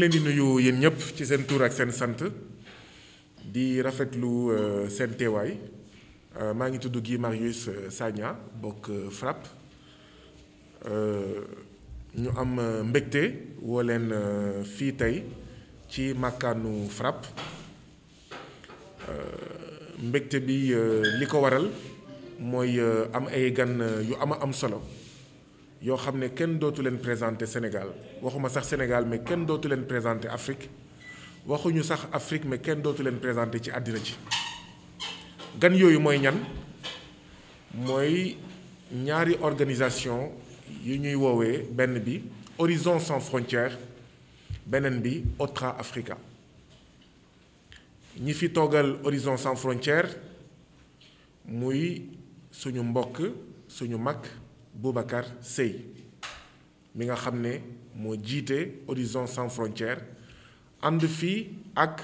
ngi leen di nuyu yéen ñëpp ci seen tur ak seen sant di rafetlu euh, seen teewaay euh, maa ngi tudd Guy Marius euh, Sagna bokk FRAPP ñu am mbégte woo leen fii tey ci màkkaanu FRAPP mbégte bi li ko waral mooy am ay gan yu ama am solo yoo xam ne kenn dootu leen présenter Sénégal waxuma sax Sénégal mais kenn dootu leen présenter Afrique waxuñu sax Afrique mais kenn dootu leen présenter ci àddina ci gan yooyu mooy ñan mooy ñaari organisation yu ñuy woowee benn bi Horizon sans frontières beneen bi Otra Africa ñi fi toogal Horizon sans frontières muy suñu mbokk suñu mag Boubacar Seye mi nga xam ne moo jiite Horizon Sans Frontières ànd fii ak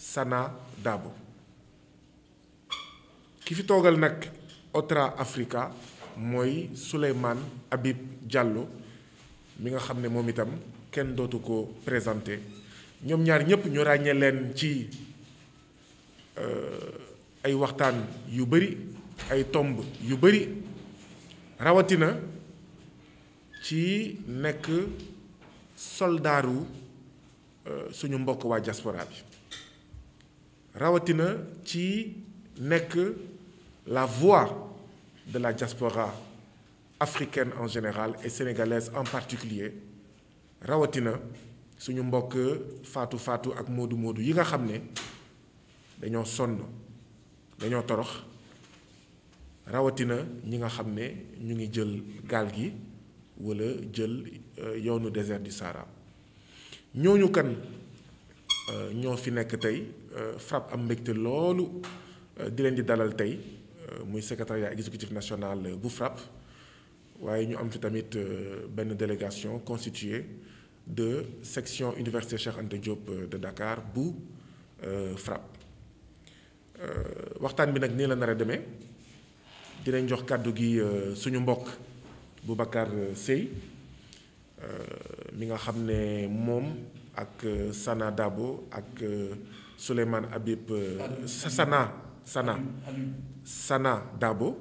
Sana Dabo ki fi toogal nag Otra Africa mooy Souleymane Habib Diallo mi nga xam ne moom itam kenn dootu ko présente ñoom ñaar ñëpp ñu ràññee leen ci euh, ay waxtaan yu bëri ay tomb yu bëri rawatina ci nekk soldaaru euh, suñu mbokk waa diaspora bi rawatina ci nekk la voix de la diaspora africaine en général et sénégalaise en particulier rawatina suñu mbokk faatu faatu ak moodu moodu yi nga xam ne dañoo sonn dañoo torox rawatina ñi nga xam ne ñu ngi jël gaal gi wala jël euh, yoonu désert di Sahara ñooñu kan euh, ñoo fi nekk tey euh, FRAPP am mbégte loolu di leen di dalal tey muy secretariat exécutif national bu FRAPP waaye ñu am fi tamit benn délégation constituée de section université Cheikh Anta Diop de Dakar bu FRAPP waxtaan bi nag ni la nar a demee. dinañ jox kàddu gi euh, suñu mbokk Boubacar euh, Seye euh, mi nga xam ne moom ak Sana Dabo ak Souleymane Habib Sana Sana Sana Dabo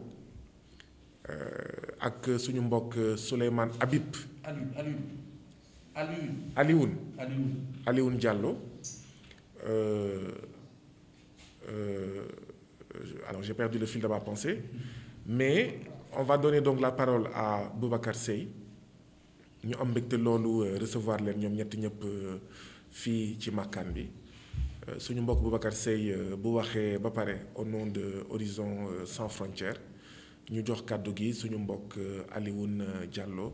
ak suñu mbokk Souleymane Habib Alioune Alioune Diallo alors j'ai perdu le fil de ma pensée mais on va donner donc la parole à Boubacar Seye ñu am mbégte loolu euh, recevoir leen ñoom ñett ñëpp euh, fii ci makkaan bi euh, suñu mbokk Boubacar Seye bu waxee ba pare au nom de Horizon sans frontières ñu jox kàddu gi suñu mbokk Alioune Diallo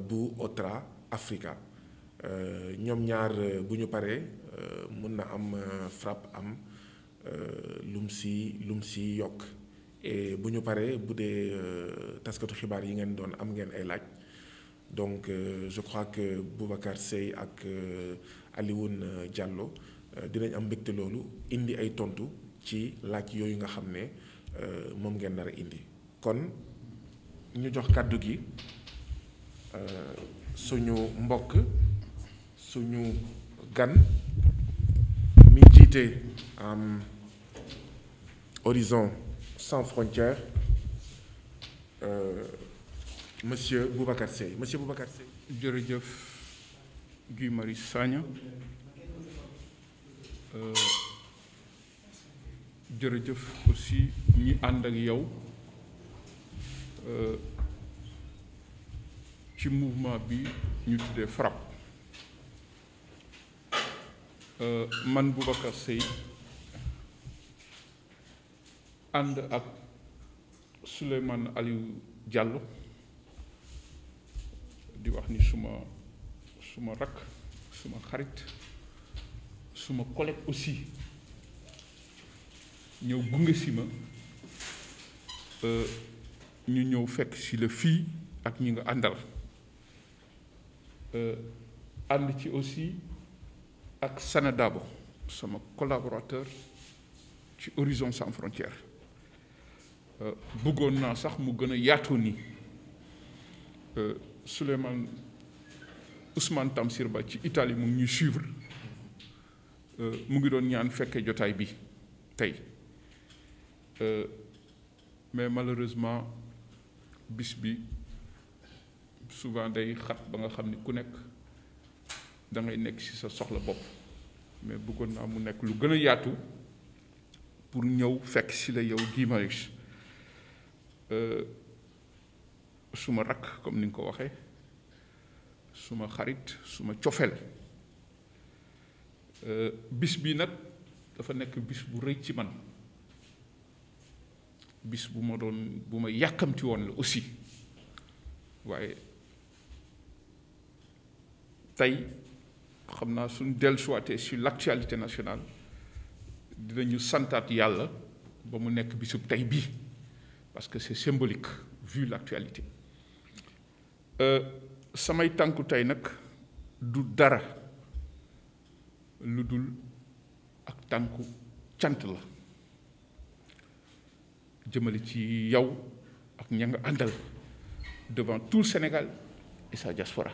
bu Otra Africa ñoom ñaar bu ñu paree mun na am frappe am lum si lum si yokk. bu ñu paree bu dee euh, taskatu xibaar yi ngeen doon am ngeen ay laaj donc euh, je crois que Boubacar Seye ak euh, Alioune Diallo dinañ am mbégte loolu indi ay tontu ci laaj yooyu nga xam ne moom ngeen nara indi. kon ñu jox kàddu gi suñu mbokk suñu gan mi jiite Horizon. sans frontières euh, monsieur Boubacar Seye monsieur Boubacar Seye. jërëjëf Guy Marius euh, jërëjëf aussi ñi ànd ak yow euh, ci mouvement bi ñu tuddee FRAPP euh, man Boubacar Seye. ànd ak Souleymane Aliou Diallo di wax ni suma suma rakk suma xarit suma collègue aussi ñëw gunge si ma euh, ñu ñëw fekk si la fii ak ñi nga àndal euh, ànd ci aussi ak Sana Dabo sama collaborateur ci Horizon Sans Frontières Euh, bëggoon naa sax mu gën a yaatu nii euh, Souleymane Ousmane Tamsir Ba ci Italie mu ngi ñuy suivre euh, mu ngi doon ñaan fekke jotaay bi tey mais malheureusement bis bi souvent day xat ba nga xam ni ku nekk da nekk ci sa soxla bopp mais bëggoon naa mu nekk lu gën a yaatu pour ñëw fekk ci la yow Guy Euh, suma rakk comme ni nga ko waxee suma xarit suma cofeel euh, bis bii nag dafa nekk bis bu rëy ci man bis bu ma doon bu ma yàkkamti woon la aussi waaye tey xam naa suñ dellusiwaatee su l'actualité nationale dinañu santaat yàlla ba mu nekk bisub tey bii parce que c'est symbolique vu l'actualité euh, samay tànku tey nag du dara lu dul ak tànku cant la jëmale ci yow ak ña nga àndal devant tout Sénégal et sa diaspora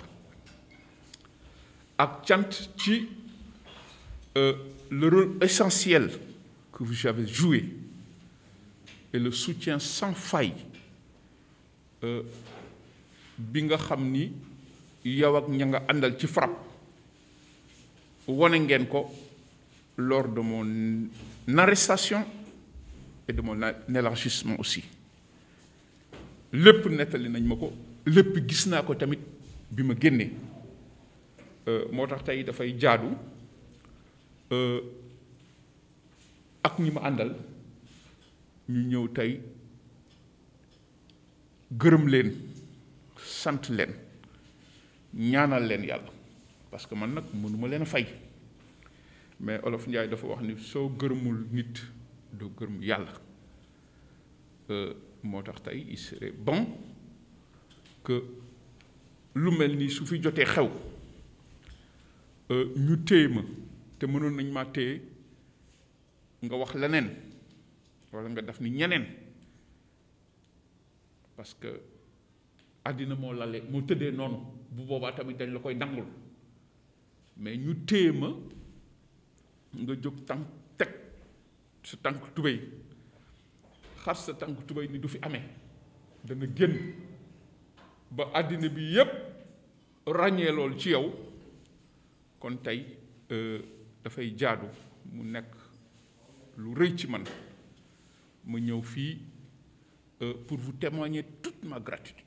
ak cant ci euh, le rôle essentiel que vous avez joué et le soutien sans faille euh, bi nga xam ni yow ak ña nga àndal ci FRAPP wane ngeen ko lors de mon arrestation et de mon aussi lépp nettali nañ ma ko lépp gis naa ko tamit bi ma génnee euh, moo tax tey dafay jaadu euh, ak ñi ma àndal ñu ñëw tey gërëm leen sant leen ñaanal leen yàlla parce que man nag mënuma leen a fay mais Olof Njaay dafa wax ni soo gërëmul nit doo gërëm yàlla euh, moo tax tey il bon que lu mel ni su fi jotee xew euh, ñu téye ma te mënoon nañ maa téye nga wax leneen wala nga def ni ñeneen parce que àddina moo lale moo tëddee noonu bu boobaa tamit dañ la koy nangul mais ñu téema nga jóg tànk teg sa tànk tubéy xas sa tànk tubéy ni du fi amee dana génn ba àddina bi yépp ràññee lool ci yow kon tey euh, dafay jaadu mu nekk lu rëy ci man mu ñëw fii euh, pour vous témoigner toute ma gratitude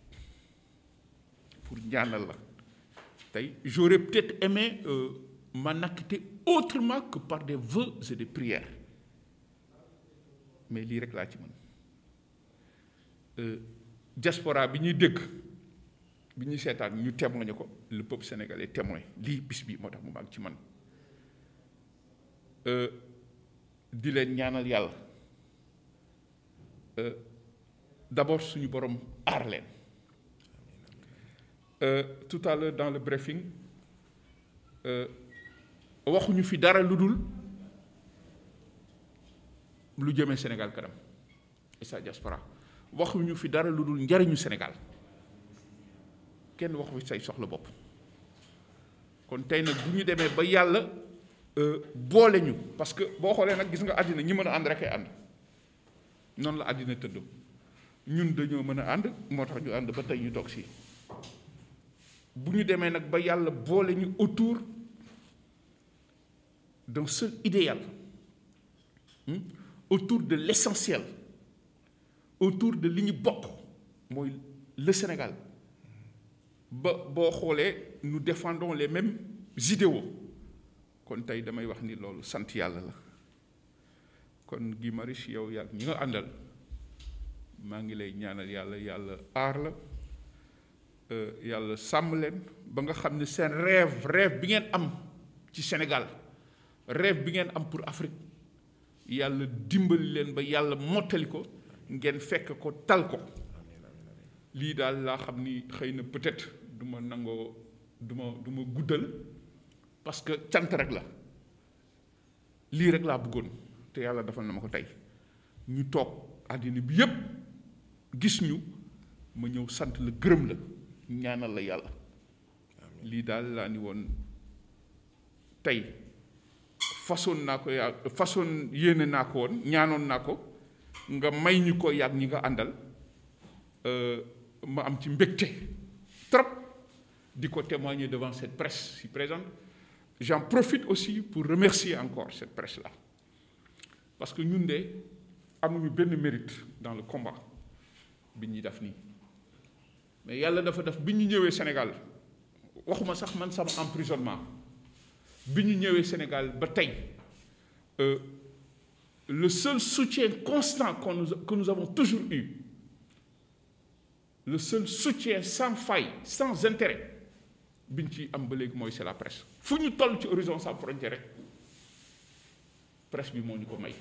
pour ñaanal la tey j'aurais peut-être aimé euh, m'en acquitter autrement que par des vœux des prières mais lii rek laa ci mën euh, diaspora bi ñuy dëkk bi ñuy seetaan ñu témoigné ko le peuple sénégalais témoin lii bis bi moo tax mu mag ci man euh, di leen ñaanal yàlla Euh, d'abord suñu borom aar leen euh, tout à l'heure dans le briefing euh, waxuñu fi dara lu dul lu jëmee Sénégal kanam et sa waxuñu fi dara lu dul njariñu Sénégal kenn waxu fi say soxla bopp kon tey nag bu ñu demee ba yàlla boole ñu parce que boo xoolee nag gis nga àddina ñi mën a ànd rek ay ànd noonu la àddina tëdd ñun dañoo mën a ànd moo tax ñu ànd ba tey ñu toog si bu ñu demee nag ba yàlla boole ñu autour d'un seul idéal hmm, autour de l'essentiel autour de li ñu bokk mooy le Sénégal ba boo xoolee nous defendonle les mêmes kon tey damay wax ni loolu sant yàlla la kon Guy Marius yow yàgg ñi àndal maa ngi lay ñaanal yàlla yàlla aar la euh, yàlla sàmm leen ba nga xam ne seen rêve rêve bi ngeen am ci Sénégal rêve bi ngeen am pour Afrique yàlla dimbali leen ba yàlla mottali ko ngeen fekk ko tal ko lii daal laa xam ni xëy na peut-être du ma nangoo du ma du guddal parce que cant rek la lii rek laa bëggoon te yàlla defal na ma ko tey ñu toog àddina bi yépp gis ñu ma ñëw sant la gërëm la ñaanal la yàlla lii daal laa ni woon tey façon naa ko yaa façon yéene naa ko woon ñaanoon naa ko nga may ñu ko yàgg ñi nga àndal euh, ma am ci mbégte trop di ko témoigner devant cette presse si présente j'en profite aussi pour remercier encore cette presse-là parce que ñun de amuñu benn mérite dans le combat bi ñuy def nii mais yàlla dafa def bi ñu ñëwee Sénégal waxuma sax man sama emprisonnement bi ñu ñëwee Sénégal ba tey euh, le seul soutien constant qu'on nous que nous avons toujours u le seul soutien sans faille sans intérêt bi ñu ci am ba léegi mooy c'est la presse fu ñu toll ci Horizon sans frontières rek. presse bi moo ñu ko may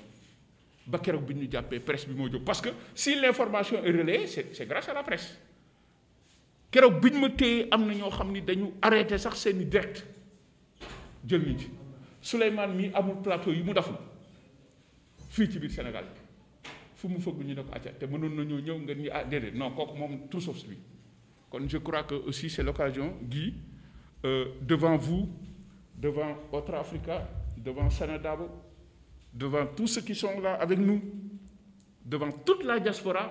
ba keroog bi ñu jàppee presse bi moo jóg parce que si l'information est relayée c'est c'est grâce à la presse keroog bi ñu ma téye am na ñoo xam ni dañu arrêté sax seeni direct jël nit ci Souleymane mii amul plateau yi mu deful fii ci biir Sénégal fu mu fëgg ñu ne ko acca te mënoon na ñoo ñëw ngeen ñu ah déedéet non kooku moom tout sauf lui kon je crois que aussi c'est l'occasion Guy euh, devant vous devant Otra Africa devant Sanadabo devant tous ceux qui la là avec nous devant toute la diaspora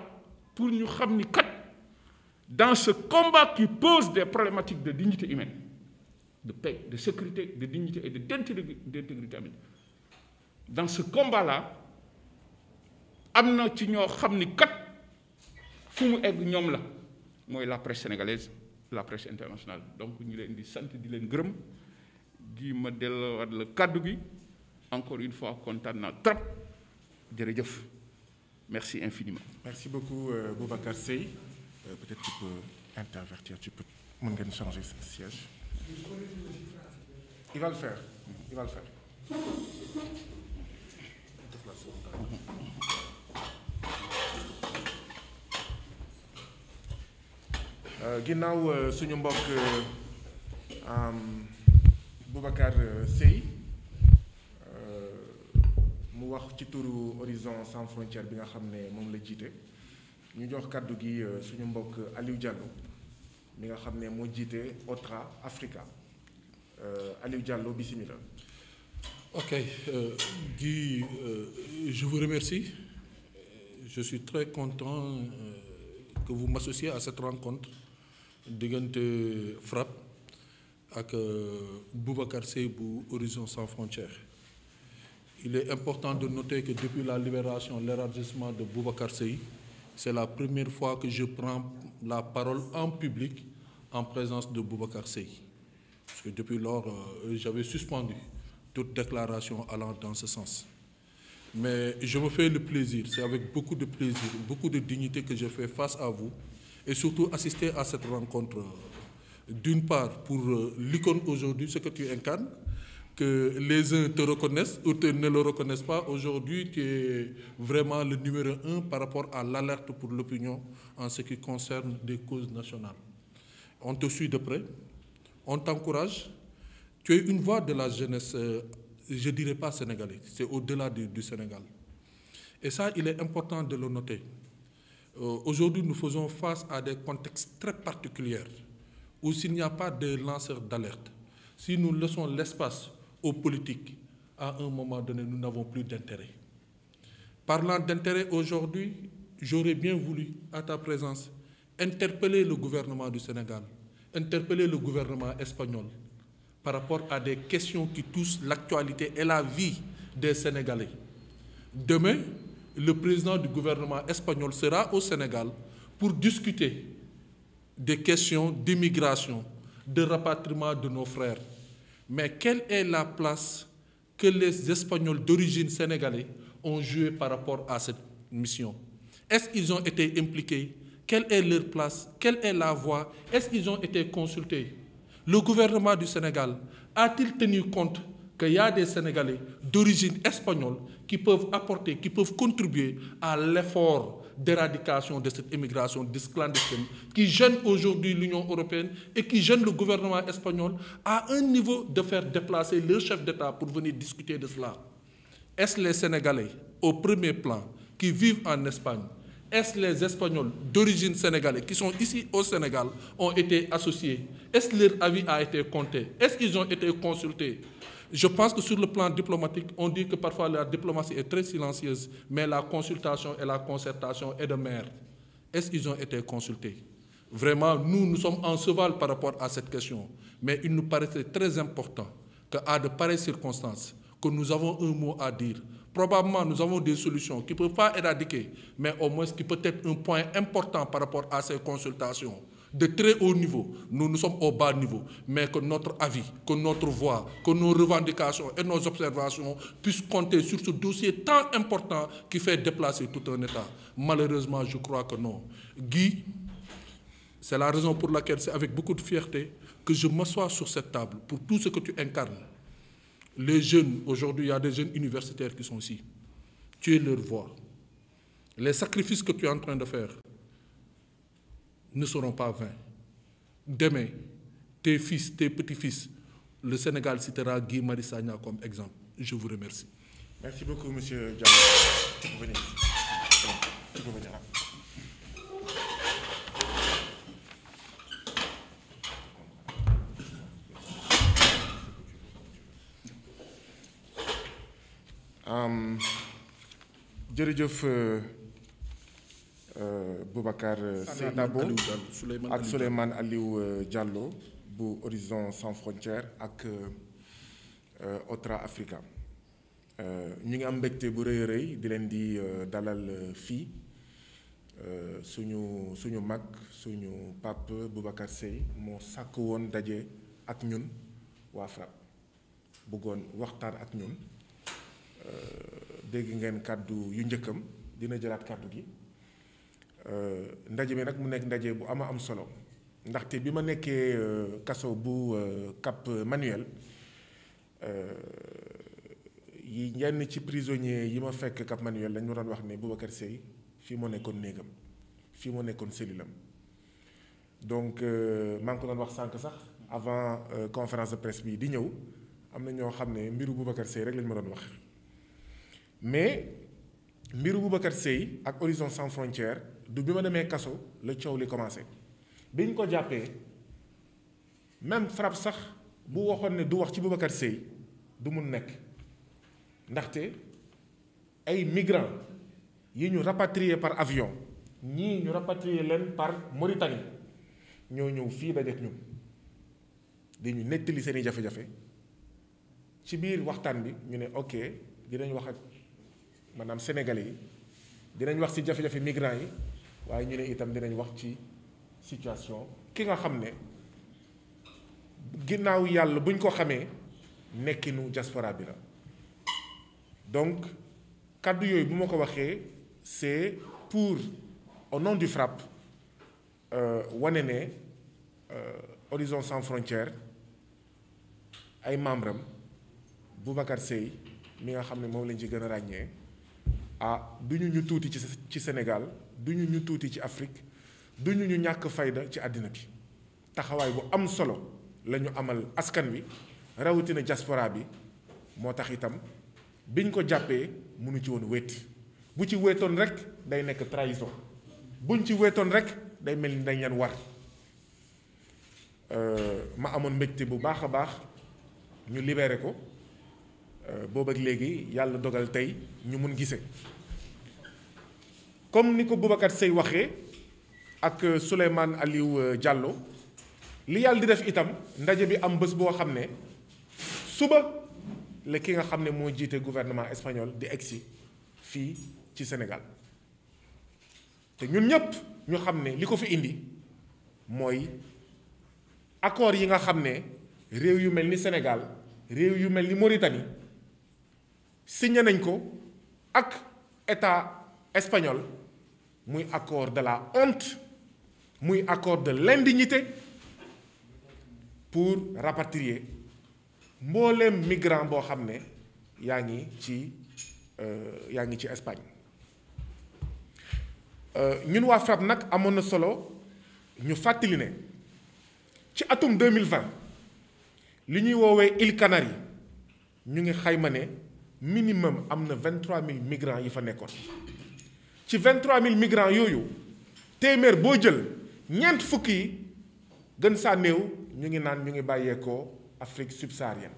pour ñu xam ni kat dans ce combat qui pose des problématiques de dignité humaine de paix de sécurité de dignité et de d'intégrité humaine dans ce combat là am na ci ñoo xam ni kat fu mu egg ñoom la mooy la presse sénégalaise la presse internationale donc ñu leen di sant di leen gërëm gi ma delluwaat la kàddu gi encore une fois kontaan naa trop jërëjëf merci infiniment. merci beaucoup euh, Boubacar euh, peut-être tu intervertir tu peux mën ngeen changer de siège. il euh, euh, suñu mbokk Boubacar Seye. mu wax ci turu Horizon sans frontière bi nga xam ne moom la jiite ñu jox kàddu gi euh, suñu mbokk Aliou Diallo mi nga xam ne moo jiite OTRA Africa euh, Aliou Diallo bismillah. ok euh, Guy euh, je vous remercie je suis très content euh, que vous m'associez à cette rencontre diggante FRAPP ak euh, Boubacar Seye bu Horizon sans frontière il est important de noter que depuis la libération, l'élargissement de Boubacar Sey, c'est la première fois que je prends la parole en public en présence de Boubacar Sey. Parce que depuis lors, euh, j'avais suspendu toute déclaration allant dans ce sens. Mais je me fais le plaisir, c'est avec beaucoup de plaisir, beaucoup de dignité que je fais face à vous et surtout assister à cette rencontre. Euh, d'une part, pour euh, l'icône aujourd'hui, ce que tu incarnes, que les uns te reconnaissent ou te ne le reconnaissent pas. Aujourd'hui, tu es vraiment le numéro un par rapport à l'alerte pour l'opinion en ce qui concerne des causes nationales. On te suit de près, on t'encourage. Tu es une voix de la jeunesse, euh, je ne dirais pas sénégalaise, c'est au-delà du, du, Sénégal. Et ça, il est important de le noter. Euh, aujourd'hui, nous faisons face à des contextes très particuliers ou s'il n'y a pas de lanceur d'alerte, si nous laissons aux politiques, à un moment donné, nous n'avons plus d'intérêt. Parlant d'intérêt aujourd'hui, j'aurais bien voulu, à ta présence, interpeller le gouvernement du Sénégal, interpeller le gouvernement espagnol par rapport à des questions qui touchent l'actualité et la vie des Sénégalais. Demain, le président du gouvernement espagnol sera au Sénégal pour discuter des questions d'immigration, de rapatriement de nos frères Mais quelle est la place que les Espagnols d'origine sénégalaise ont jouée par rapport à cette mission? Est-ce qu'ils ont été impliqués? Quelle est leur place? Quelle est la voie? Est-ce qu'ils ont été consultés? Le gouvernement du Sénégal a-t-il tenu compte que ya a des Sénégalais d'origine espagnole qui peuvent apporter, qui peuvent contribuer à l'effort d'éradication de cette immigration clandestine qui gêne aujourd'hui l'Union européenne et qui gêne le gouvernement espagnol à un niveau de faire déplacer le chef d'État pour venir discuter de cela. Est-ce les Sénégalais au premier plan qui vivent en Espagne? Est-ce les Espagnols d'origine sénégalaise qui sont ici au Sénégal ont été associés? Est-ce leur avis a été compté? Est-ce Je pense que sur le plan diplomatique, on dit que parfois la diplomatie est très silencieuse, mais la consultation et la concertation est de mer. Est-ce qu'ils ont été consultés Vraiment, nous, nous sommes en cheval par rapport à cette question. Mais il nous paraissait très important à de pareilles circonstances, que nous avons un mot à dire. Probablement, nous avons des solutions qui ne peuvent pas éradiquer, mais au moins qui peut être un point important par rapport à ces consultations. de très haut niveau, nous, nous sommes au bas niveau, mais que notre avis, que notre voix, que nos revendications et nos observations puissent compter sur ce dossier tant important qui fait déplacer tout un État. Malheureusement, je crois que non. Guy, c'est la raison pour laquelle c'est avec beaucoup de fierté que je m'assois sur cette table pour tout ce que tu incarnes. Les jeunes, aujourd'hui, il y a des jeunes universitaires qui sont ici. Tu es leur voix. Les sacrifices que tu es de faire, ne seront pas Demain, tes fils, tes petits-fils, le Sénégal citera Guy Marius Sagna comme exemple. Je vous remercie. Merci Euh, Boubacar euh, Seydabo ak Souleymane Aliou euh, Diallo bu Horizon Sans Frontières ak Otra Africa ñu ngi am mbégte bu rëy rëy di leen di dalal fii suñu suñu mag suñu pap Boubacar Seye moo sàkk woon daje ak ñun waa FRAPP bëggoon waxtaan ak ñun dégg ngeen kàddu yu njëkkam dina jëlaat kàddu gi Euh, ndaje mi nag mu nekk ndaje bu ama am solo ndaxte bi ma nekkee euh, kaso bu euh, Cap Manuel yi ñenn ci prisonnier yi ma fekk Cap Manuel dañ ma doon wax ne Boubacar Seye fii moo nekkoon néegam fii moo nekkoon cellulam donc maa ngi ko doon wax sànq sax avant conférence de presse bi di ñëw am na ñoo xam ne mbiru Boubacar Seye rek lañ ma doon wax mais mbiru Boubacar Sèye ak Horizon Sans Frontières du bi ma demee kaso la coow li commencé biñ ko jàppee même FRAPP sax bu waxoon ne du wax ci Boubacar Sèye du mun nekk ndaxte ay migrants yi ñu rapatrié par avion ñii ñu rapatrié leen par Mauritanie ñoo ñëw fii dajeek ñun di ñu nettali seen i jafe-jafe ci biir waxtaan bi ñu ne ok dinañ wax ak maanaam sénégalais yi dinañ wax ci jafejafe jafe migrants yi waaye ñu ne itam dinañ wax ci situation ki nga xam ne ginnaaw yàlla buñ ko xamee nekkinu diaspora bi la donc kàddu yooyu bu ma ko waxee c'est pour au non du FRAPP euh, wane ne euh, Horizon Sans Frontières ay membres am Boubacar Seye mi nga xam ne moom lañ ci gën a ràññee ah du ñu ñu tuuti ci ci Sénégal du ñu ñu tuuti ci Afrique du ñu ñu ñàkk fayda ci àddina bi taxawaay bu am solo la ñu amal askan wi rawatina diaspora bi moo tax itam biñ ko jàppee mënu ci woon wetti bu ci wéetoon rek day nekk trahison buñ ci wéetoon rek day mel ni dañ leen war euh, ma amoon mbégte bu baax a baax ñu libéré ko. Euh, boobu ak léegi yàlla dogal tey ñu mun gise comme ni ko Boubacar Seye waxee ak Souleymane Aliou euh, Diallo li yàlla di def itam ndaje bi am bés boo xam ne suba la ki nga xam ne moo jiite gouvernement espagnol di egsi fii ci Sénégal te ñun ñépp ñu xam ne li ko fi indi mooy accord yi nga xam ne réew yu mel ni Sénégal réew yu mel ni Mauritanie signé nañ ko ak état espagnol muy accord de la honte muy accord de l'indignité pour rapatrier mboolem migrant boo xam ne yaa ngi ci euh, yaa ngi ci Espagne euh, ñun waa FRAPP nag amoon na solo ñu fàttali ne ci atum 2020 li ñuy woowee îles Canaries ñu ngi xayma ne minimum am na mille migrants yi fa nekkoon ci mille migrants yooyu téeméer boo jël ñeent fukk yi gën saa ñu ngi naan ñu ngi bàyyeekoo Afrique subsaharienne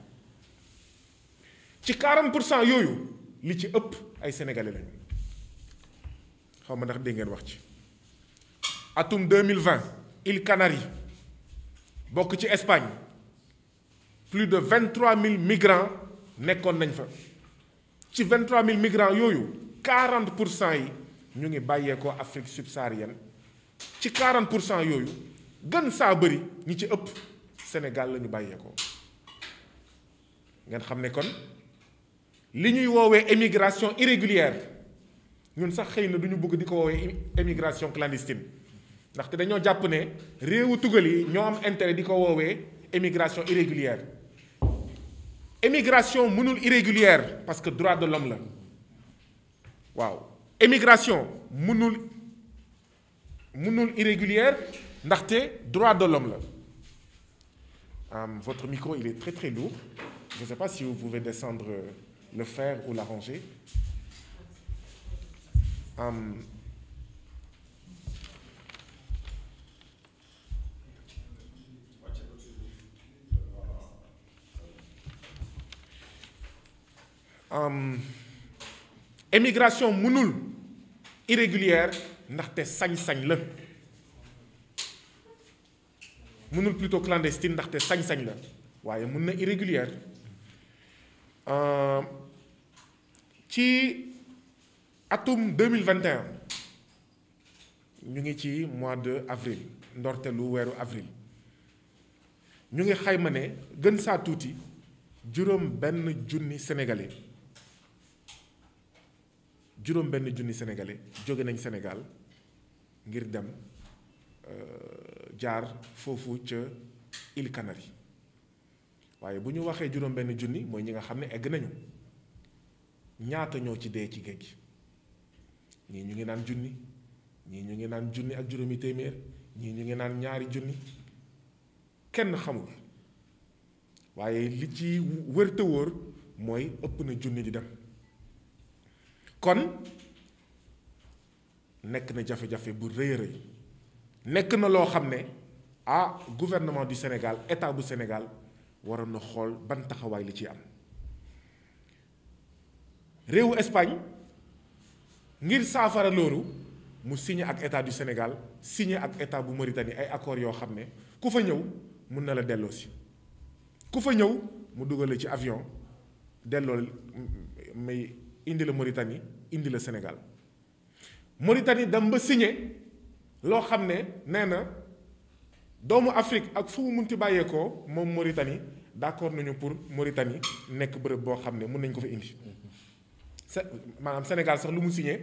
ci 40 pour cent yooyu li ci ëpp ay sénégalais lañu xaw ma ndax dégg ngeen wax ci atum 2020 îles Canaries bokk ci Espagne plus de 23000 migrants nekkoon nañ fa. ci 23000 migrants yooyu quarante pour cent yi ñu ngi bàyyeekoo Afrique subsaharienne ci quarante pour cent yooyu gën saa bëri ñi ci ëpp Sénégal la ñu bàyyeekoo ngeen xam ne kon li ñuy woowee émigration irrégulière ñun sax xëy na du ñu bëgg di ko woowee émigration clandestine ndaxte dañoo jàpp ne réewu tugal yi ñoo am intérêt di ko woowee émigration irrégulière. émigration mënul irrégulière parce que droit de l'homme la waaw émigration mënul mënul irrégulière ndaxte droit de l'homme la votre micro il est très très lourd je ne sais pas si vous pouvez descendre le fer ou l'arranger. Um, émigration mënul irrégulière ndaxte sañ-sañ la mënul plutôt clandestine ndaxte sañ-sañ la waaye mun na irrégulière ci atum 2021 ñu ngi ci mois de avril lu weeru avril ñu ngi xayma ne gën saa tuuti juróom benn junni sénégalais juróom benn junni sénégalais jóge nañ Sénégal ngir dem euh, jaar foofu ca île Canaries waaye bu ñu waxee juróom benn junni mooy ñi nga xam ne egg nañu ñaata ñoo ci dee ci géej gi ñii ñu ngi naan junni ñii ñu ngi naan junni ak juróomi téeméer ñii ñu ngi naan ñaari junni kenn xamul waaye li ci wër wóor mooy ëpp na junni di dem kon nekk na jafe-jafe bu rëy rëy nekk na loo xam ne ah gouvernement du Sénégal état bu Sénégal waroon na xool ban taxawaay la ci am réewu Espagne ngir saafara loolu mu signé ak état bu Sénégal signé ak état bu Mauritanie ay accords yoo xam ne ku fa ñëw mun na la delloo ku fa ñëw mu dugale ci avion delloo may indi la Mauritanie indi la Sénégal Mauritanie dem ba signé loo xam ne nee na doomu Afrique ak fu mu munti bàyyeekoo moom Mauritanie d'accord nañu pour Mauritanie nekk bërëb boo xam ne mun nañ ko fa indi se maanaam Sénégal sax lu mu signé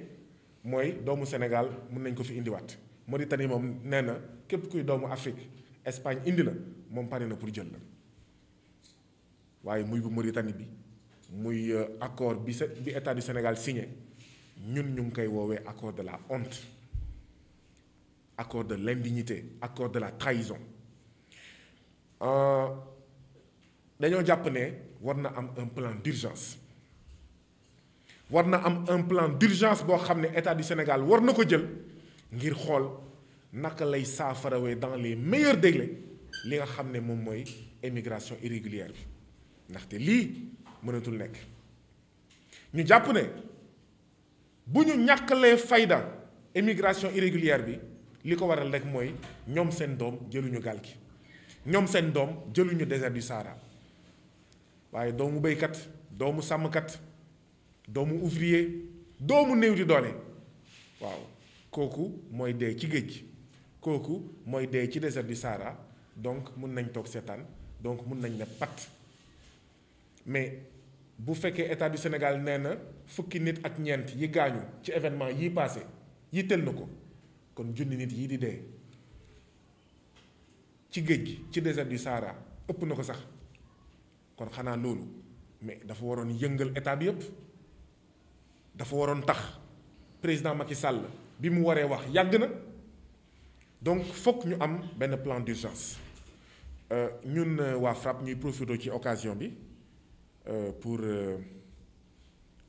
mooy doomu Sénégal mun nañ ko fi indiwaat Mauritanie moom nee na képp kuy doomu Afrique Espagne indi la moom pare na pour jël la waaye muy bu Mauritanie bi. muy euh, accord bi bi état du Sénégal signé ñun ñu ngi koy woowee accord de la honte accord de l'indignité accord de la trahison euh, dañoo jàpp ne war na am un plan d'urgence war na am un plan d'urgence boo xam ne état du Sénégal war na ko jël ngir xool naka lay saafarawee dans les meilleurs délais li nga xam ne moom mooy émigration irrégulière bi ndaxte lii mënatul nekk ñu jàpp ne bu ñu ñàkkalee fayda émigration irrégulière bi li ko waral rek mooy ñoom seen doom jëluñu gaal gi ñoom seen doom jëluñu désert du Sahara waaye doomu béykat doomu sàmmkat doomu ouvrier doomu néew di doole waaw kooku mooy dee ci géej kooku mooy dee ci désert du Sahara donc mun nañ toog seetaan donc mun nañ ne pat mais bu fekkee état du Sénégal nee na fukki nit ak ñeent yi gaañu ci événement yii passé yi tël na ko kon junni nit yii di dee ci géej gi ci désert du Sahara ëpp na ko sax kon xanaa loolu mais dafa waroon yëngal état bi yëpp dafa waroon tax président Macky Sall bi mu waree wax yàgg na donc fokk ñu am benn plan d'urgence euh, ñun euh, waa FRAPP ñuy profité ci occasion bi Euh, pour euh,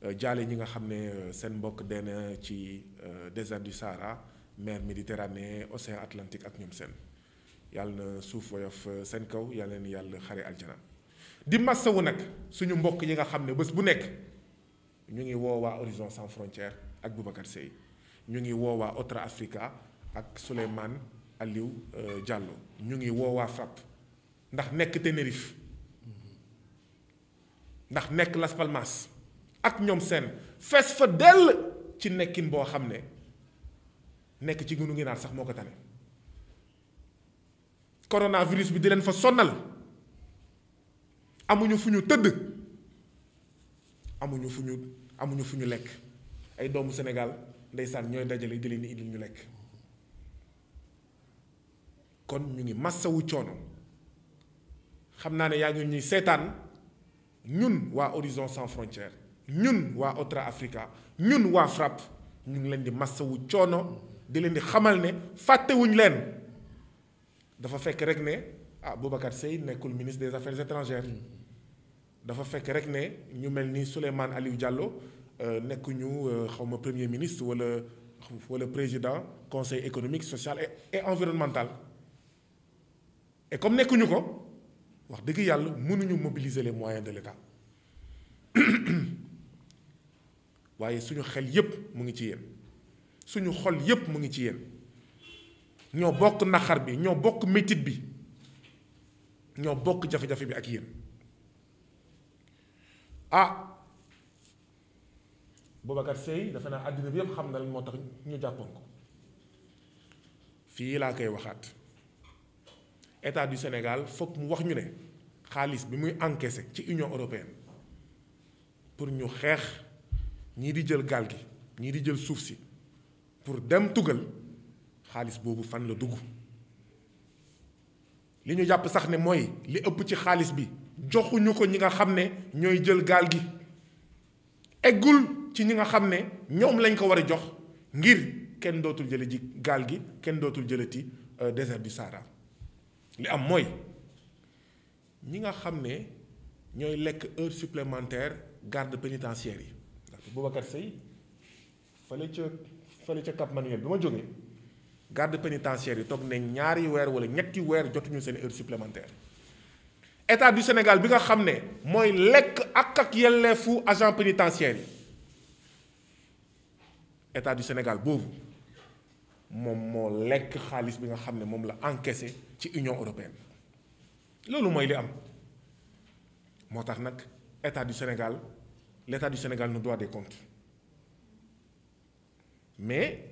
euh, jaale ñi nga xam ne seen mbokk dena ci désert du Sahara mer Méditerranée océan Atlantique ak ñoom seen yàlla na suuf woyof seen kaw yàlla na yàlla xare aljana di massawu nag suñu mbokk yi nga xam ne bés bu nekk ñu ngi woowaa Horizon Sans Frontières ak Boubacar Seye ñu ngi woowaa Otra Africa ak Souleymane Aliou Diallo ñu ngi woowaa FRAPP ndax nekk Tenerife ndax nekk Las Palmas ak ñoom seen fees fa dell ci nekkin boo xam ne nekk ci gunu ngi naan sax moo ko tane coronavirus bi di leen fa sonnal amuñu fu ñu tëdd amuñu fu ñu amuñu fu ñu lekk ay doomu Sénégal ndeysaan ñooy dajale di leen di indil ñu lekk kon ñu ngi massawu coono xam naa ne yaa ngi ñuy seetaan ñun waa Horizon Sans Frontières ñun waa Otra Africa ñun waa FRAPP ñu ngi leen di wu coono di leen di xamal ne fàttewuñ leen dafa fekk rek ne ah Boubacar Seye nekkul ministre des affaires étrangères dafa fekk rek ne ñu mel ni Souleymane Aliou Diallo euh, nekkuñu euh, xaw ma premier ministre wala wala président conseil économique social et et environnemental et comme nekkuñu ko. wax dëgg yàlla mënuñu mobiliser les moyens de l'État waaye suñu xel yépp mu ngi ci yéen suñu xol yépp mu ngi ci yéen ñoo bokk naxar bi ñoo bokk métit bi ñoo bokk jafe-jafe bi ak yéen ah Boubacar Seye dafa naa àddina bi yépp xam na lan moo tax ñu jàppoon ko fii laa koy waxaat état du Sénégal foog mu wax ñu ne xaalis bi muy enkese ci Union européenne pour ñu xeex ñii di jël gaal gi ñii di jël suuf si pour dem tugal xaalis boobu fan la dugg li ñu jàpp sax ne mooy li ëpp ci xaalis bi joxuñu ko ñi nga xam ne ñooy jël gaal gi eggul ci ñi nga xam ne ñoom lañ ko war a jox ngir kenn dootul jële ji gaal gi kenn dootul jëlati euh, désert du Sahara li am mooy ñi nga xam ne ñooy lekk heure supplémentaire garde pénitentiaire yi ndaxte Boubacar Seye fële ca fële ca Cap Manuel bi ma jógee garde pénitentiaire yi toog ne ñaari weer wala ñetti weer jotuñu seen heure supplémentaire état du Sénégal bi nga xam ne mooy lekk ak ak yelleefu agent pénitentiaire yi état du Sénégal boobu moom moo lekk xaalis bi nga xam ne moom la encaissé ci Union européenne loolu mooy li am moo tax nag état du Sénégal l'état du Sénégal nous doit des comptes mais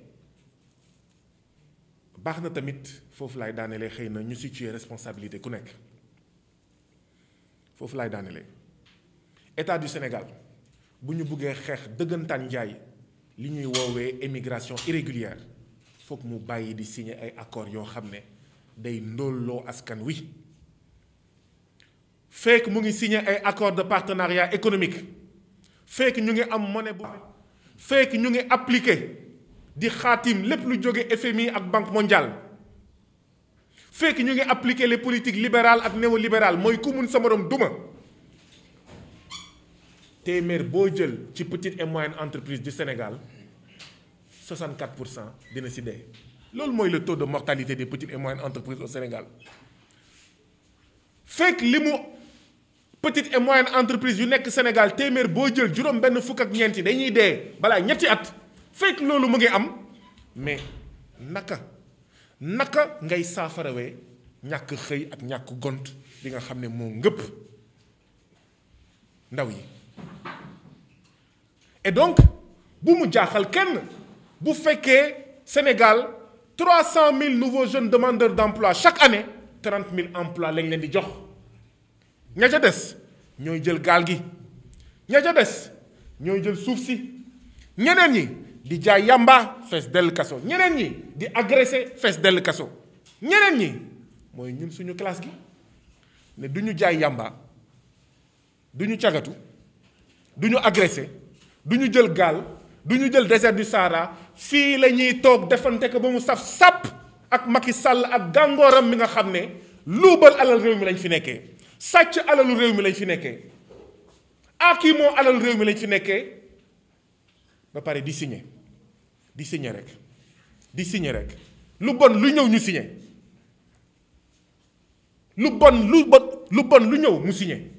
baax na tamit foofu laay daanelee xëy na ñu situer responsabilité ku nekk foofu lay daanelee état du Sénégal bu ñu buggee xeex dëggantaan njaay li ñuy woowee émigration irrégulière foog mu bàyyi di signé ay accords yoo xam ne day ndóolloo askan wi fekk mu ngi signé ay accords de partenariat économique fekk ñu ngi am monnaie bu fekk ñu ngi appliqué di xaatim lépp lu jóge FMI ak Banque mondiale fekk ñu ngi appliqué les politiques libérales ak néolibérales mooy ku mun sa morom duma téeméer boo jël ci petite et moyenne entreprise du Sénégal 64 pour cent dina si dee loolu mooy le taux de mortalité des petites et moyennes entreprises au Sénégal fekk li mu petite et moyenne entreprise yu nekk Sénégal téeméer boo jël juróom benn fukk ak ñeenti dañuy dee balaa ñetti at fekk loolu mu ngi am mais naka naka ngay saafarawee ñàkk xëy ak ñàkk gont bi nga xam ne moo ngëpp ndaw yi et bu mu jaaxal kenn bu fekkee Sénégal trois cent mille nouveaux jeunes demandeurs d'emploi chaque année trente mille emplois lañ leen di jox ña ca des ñooy jël gaal gi ña ca des ñooy jël suuf si ñeneen ñi di jaay yàmba fees dell ñeneen ñi di agressé fees dell ñeneen ñi mooy ñun suñu classe gi ne du ñu jaay yàmba du cagatu du ñu agressé du ñu jël gaal du ñu jël désert du Sahara fii lañuy ñuy toog defante ko ba mu saf sàpp ak Macky Sall ak gàngooram mi nga xam ne luubal alal réew mi lañ fi nekkee sàcc alalu réew mi lañ fi nekkee aki alal réew mi lañ fi nekkee ba pare di siñe di signé rek di signé rek lu bon lu ñëw ñu siñe lu bon lu bon lu bon lu ñëw mu signé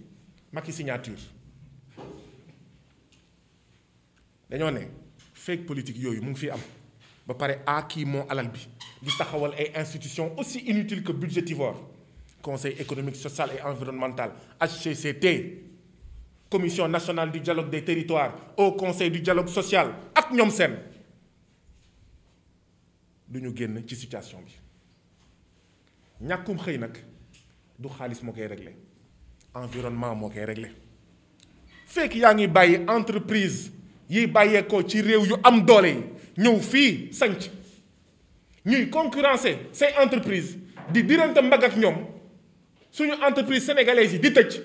Macky signature dañoo ne fake politique yooyu mu ngi fi am ba pare a kii moo alal bi di taxawal ay institution aussi inutiles que budgétivores conseil économique social et environnemental HCCT commission nationale du dialogue de territoires au conseil du dialogue social ak ñoom seen du ñu génn ci situation bi ñàkkum xëy nag du xaalis moo koy régler environnement moo koy régler fekk yaa ngi bàyyi entreprise yi bàyyeekoo ci réew yu am doole yi ñëw fii sanc ñuy concurrencer say entreprise di dirante mbagg ak ñoom suñu entreprise sénégalaise yi di tëj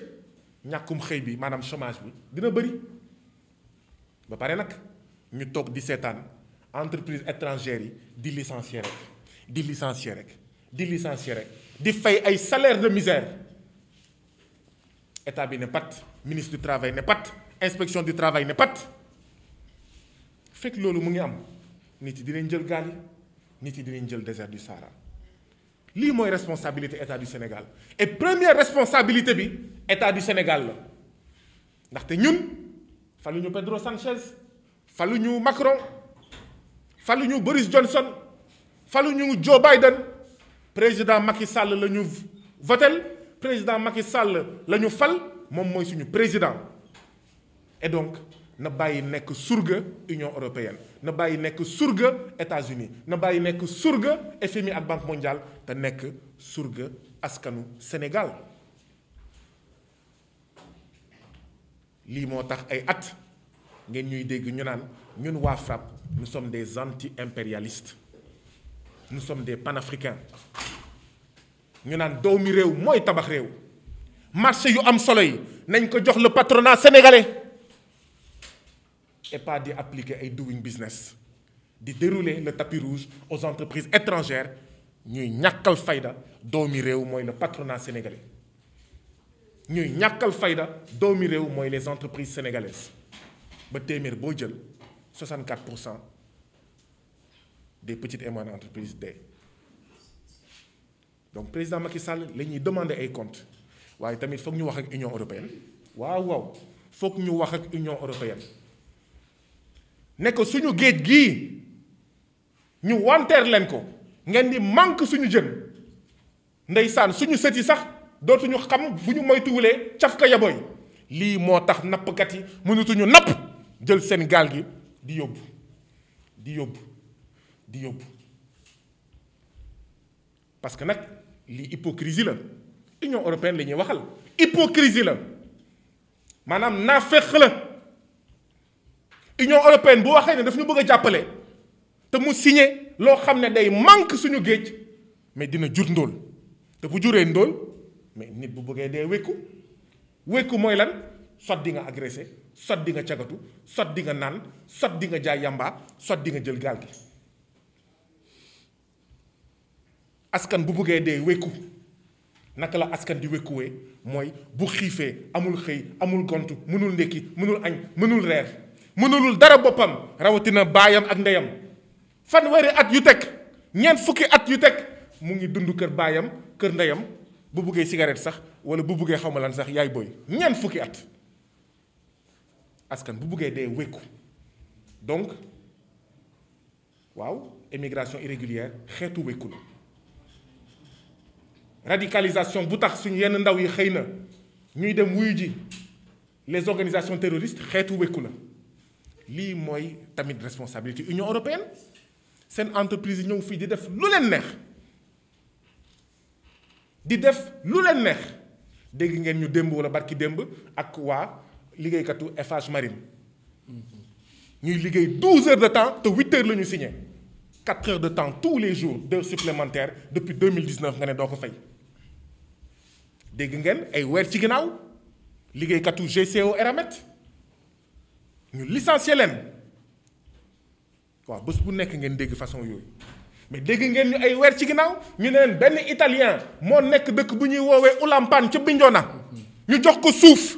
ñàkkum xëy bi maanaam chômage bi dina bëri ba pare nag ñu toog di seetaan entreprise étrangère yi di licencier rek di licencier rek di licencier rek di fay ay salaire de misère état bi ne pat ministre du travail ne pat inspection du travail ne pat fekk loolu mu ngi am nit yi dinañ jël gaal yi nit yi dinañ jël désert du Sahara lii mooy responsabilité état du Sénégal et première responsabilité bi état du Sénégal la ndaxte ñun ñu Pedro Sanchez faluñu Macron faluñu Boris Johnson faluñu Joe Biden président Macky Sall la ñu votel président Macky Sall la ñu fal moom mooy suñu président et donc na bàyyi nekk surga Union européenne na bàyyi nekk surga États-Unis na bàyyi nekk surga FMI ak Banque mondiale te nekk surga askanu Sénégal lii moo tax ay at ngeen ñuy dégg ñu naan ñun waa FRAPP nous sommes des anti-impérialistes nous sommes des panafricains ñu naan doomi réew mooy tabax réew marché yu am solo yi nañ ko jox le patronat sénégalais et pas d'y appliquer ay doing business di dérouler le tapis rouge aux entreprises étrangères ñuy ñàkkal fayda doomi réew mooy le patronat sénégalais ñuy ñàkkal fayda doomi réew mooy les entreprises sénégalaises ba téeméer boo jël 64 pour cent des petites et moyennes entreprises des donc président Macky Sall la ñuy demander ay comptes waaye tamit foog ñu wax ak Union européenne waaw waaw foog ñu wax ak Union européenne ne ko suñu géej gii ñu wanteer leen ko ngeen di manque suñu jën ndeysaan suñu sët sax dootuñu xam bu ñu moytuwulee caf ka lii moo tax nappkat yi mënutuñu napp jël seen gaal gi di yóbbu di yóbbu di yóbbu parce que nag lii hypocrisie la Union européenne la ñuy waxal hypocrisie la maanaam naafeq la ñoo européenne bu waxee ne daf ñu bëgg a jàppale te mu signé loo xam ne day manque suñu géej mais dina jur ndóol te bu juree ndóol mais nit bu bëggee dee wékku wékku mooy lan sot dinga nga sot soit di nga cagatu soit di nga naan sot di nga jaay yamba soit di jël gaal gi askan bu bëggee dee wékku naka la askan di wékkuwee mooy bu xiifee amul xëy amul gont mënul ndékki mënul añ mënul reer mënulul dara boppam rawatina baayam ak ndeyam fanweeri at yu teg ñeent fukki at yu teg mu ngi dund kër baayam kër ndeyam bu buggee cigarette sax wala bu buggee xaw ma lan sax yaay booy ñeent fukki at askan bu buggee dee wékku donc waaw émigration irrégulière xeetu wékku la radicalisation bu tax suñu yenn ndaw yi xëy na ñuy dem wuyu ji les organisations terroristes xeetu wékku la lii mooy tamit responsabilité Union européenne seen entreprise yi ñëw fii di def lu leen neex di def lu leen neex dégg ngeen ñu démb wala barki démb ak waa liggéeykatu Eiffage Marine ñuy liggéey 12 heures de temps te 8 heures la ñu signé 4 heures de temps tous les jours de supplémentaires depuis 2019 nga ne doo ko fay dégg ngeen ay weer ci ginnaaw liggéeykatu GCO Eramet ñu licencier leen waaw bés bu nekk ngeen dégg façon yooyu mais dégg ngeen ñu ay weer ci ginnaaw ñu ne leen benn italien moo nekk dëkk bu ñuy woowee Oulampane ca Bignona ñu jox ko suuf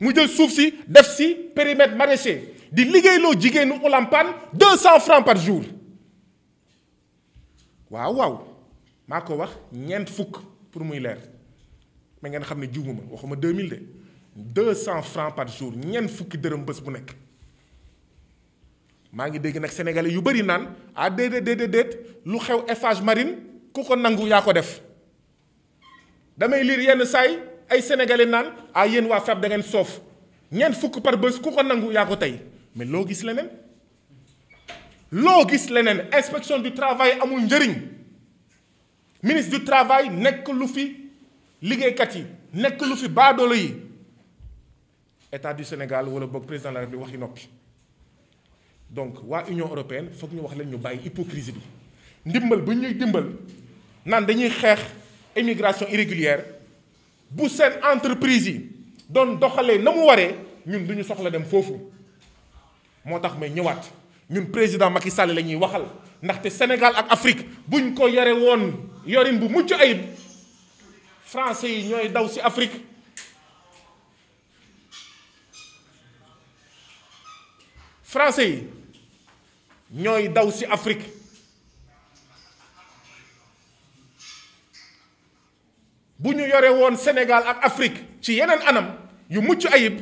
mu jël suuf si def si périmètre maraîcher di liggéeyloo jigéenu Oulampane deux cent francs par jour waaw waaw maa ko wax ñeent fukk pour muy leer mais ngeen xam ne juuma ma waxuma deux mille de deux cent francs par jour ñeent fukki dërëm bés bu nekk maa ngi dégg nag sénégalais yu bëri naan ah déedéet déedéet déet lu xew Eiffage Marine ku ko nangu yaa ko def damay liir yenn saay ay sénégalais naan a ah, yéen waa FRAPP da soof ñeent fukki par bés ku ko nangu yaa ko tey mais loo gis leneen loo gis leneen inspection du travail amul njëriñ ministre du travail nekk lu fi liggéeykat yi nekk lu fi baadoolo yi état du Sénégal wala boog président de la République wax yu noppi donc waa Union européenne foog ñu wax leen ñu bàyyi hypocrisie bi ndimbal bu ñuy dimbal naan dañuy xeex immigration irrégulière bu seen entreprise yi doon doxalee na mu waree ñun du ñu soxla dem foofu moo tax may ñëwaat ñun président Macky Sall la ñuy waxal ndaxte Sénégal ak Afrique buñ ko yore woon yorin bu mucc ayib français yi ñooy daw si Afrique français yi ñooy daw ci Afrique bu ñu yore woon Sénégal ak Afrique ci yeneen anam yu mucc ayib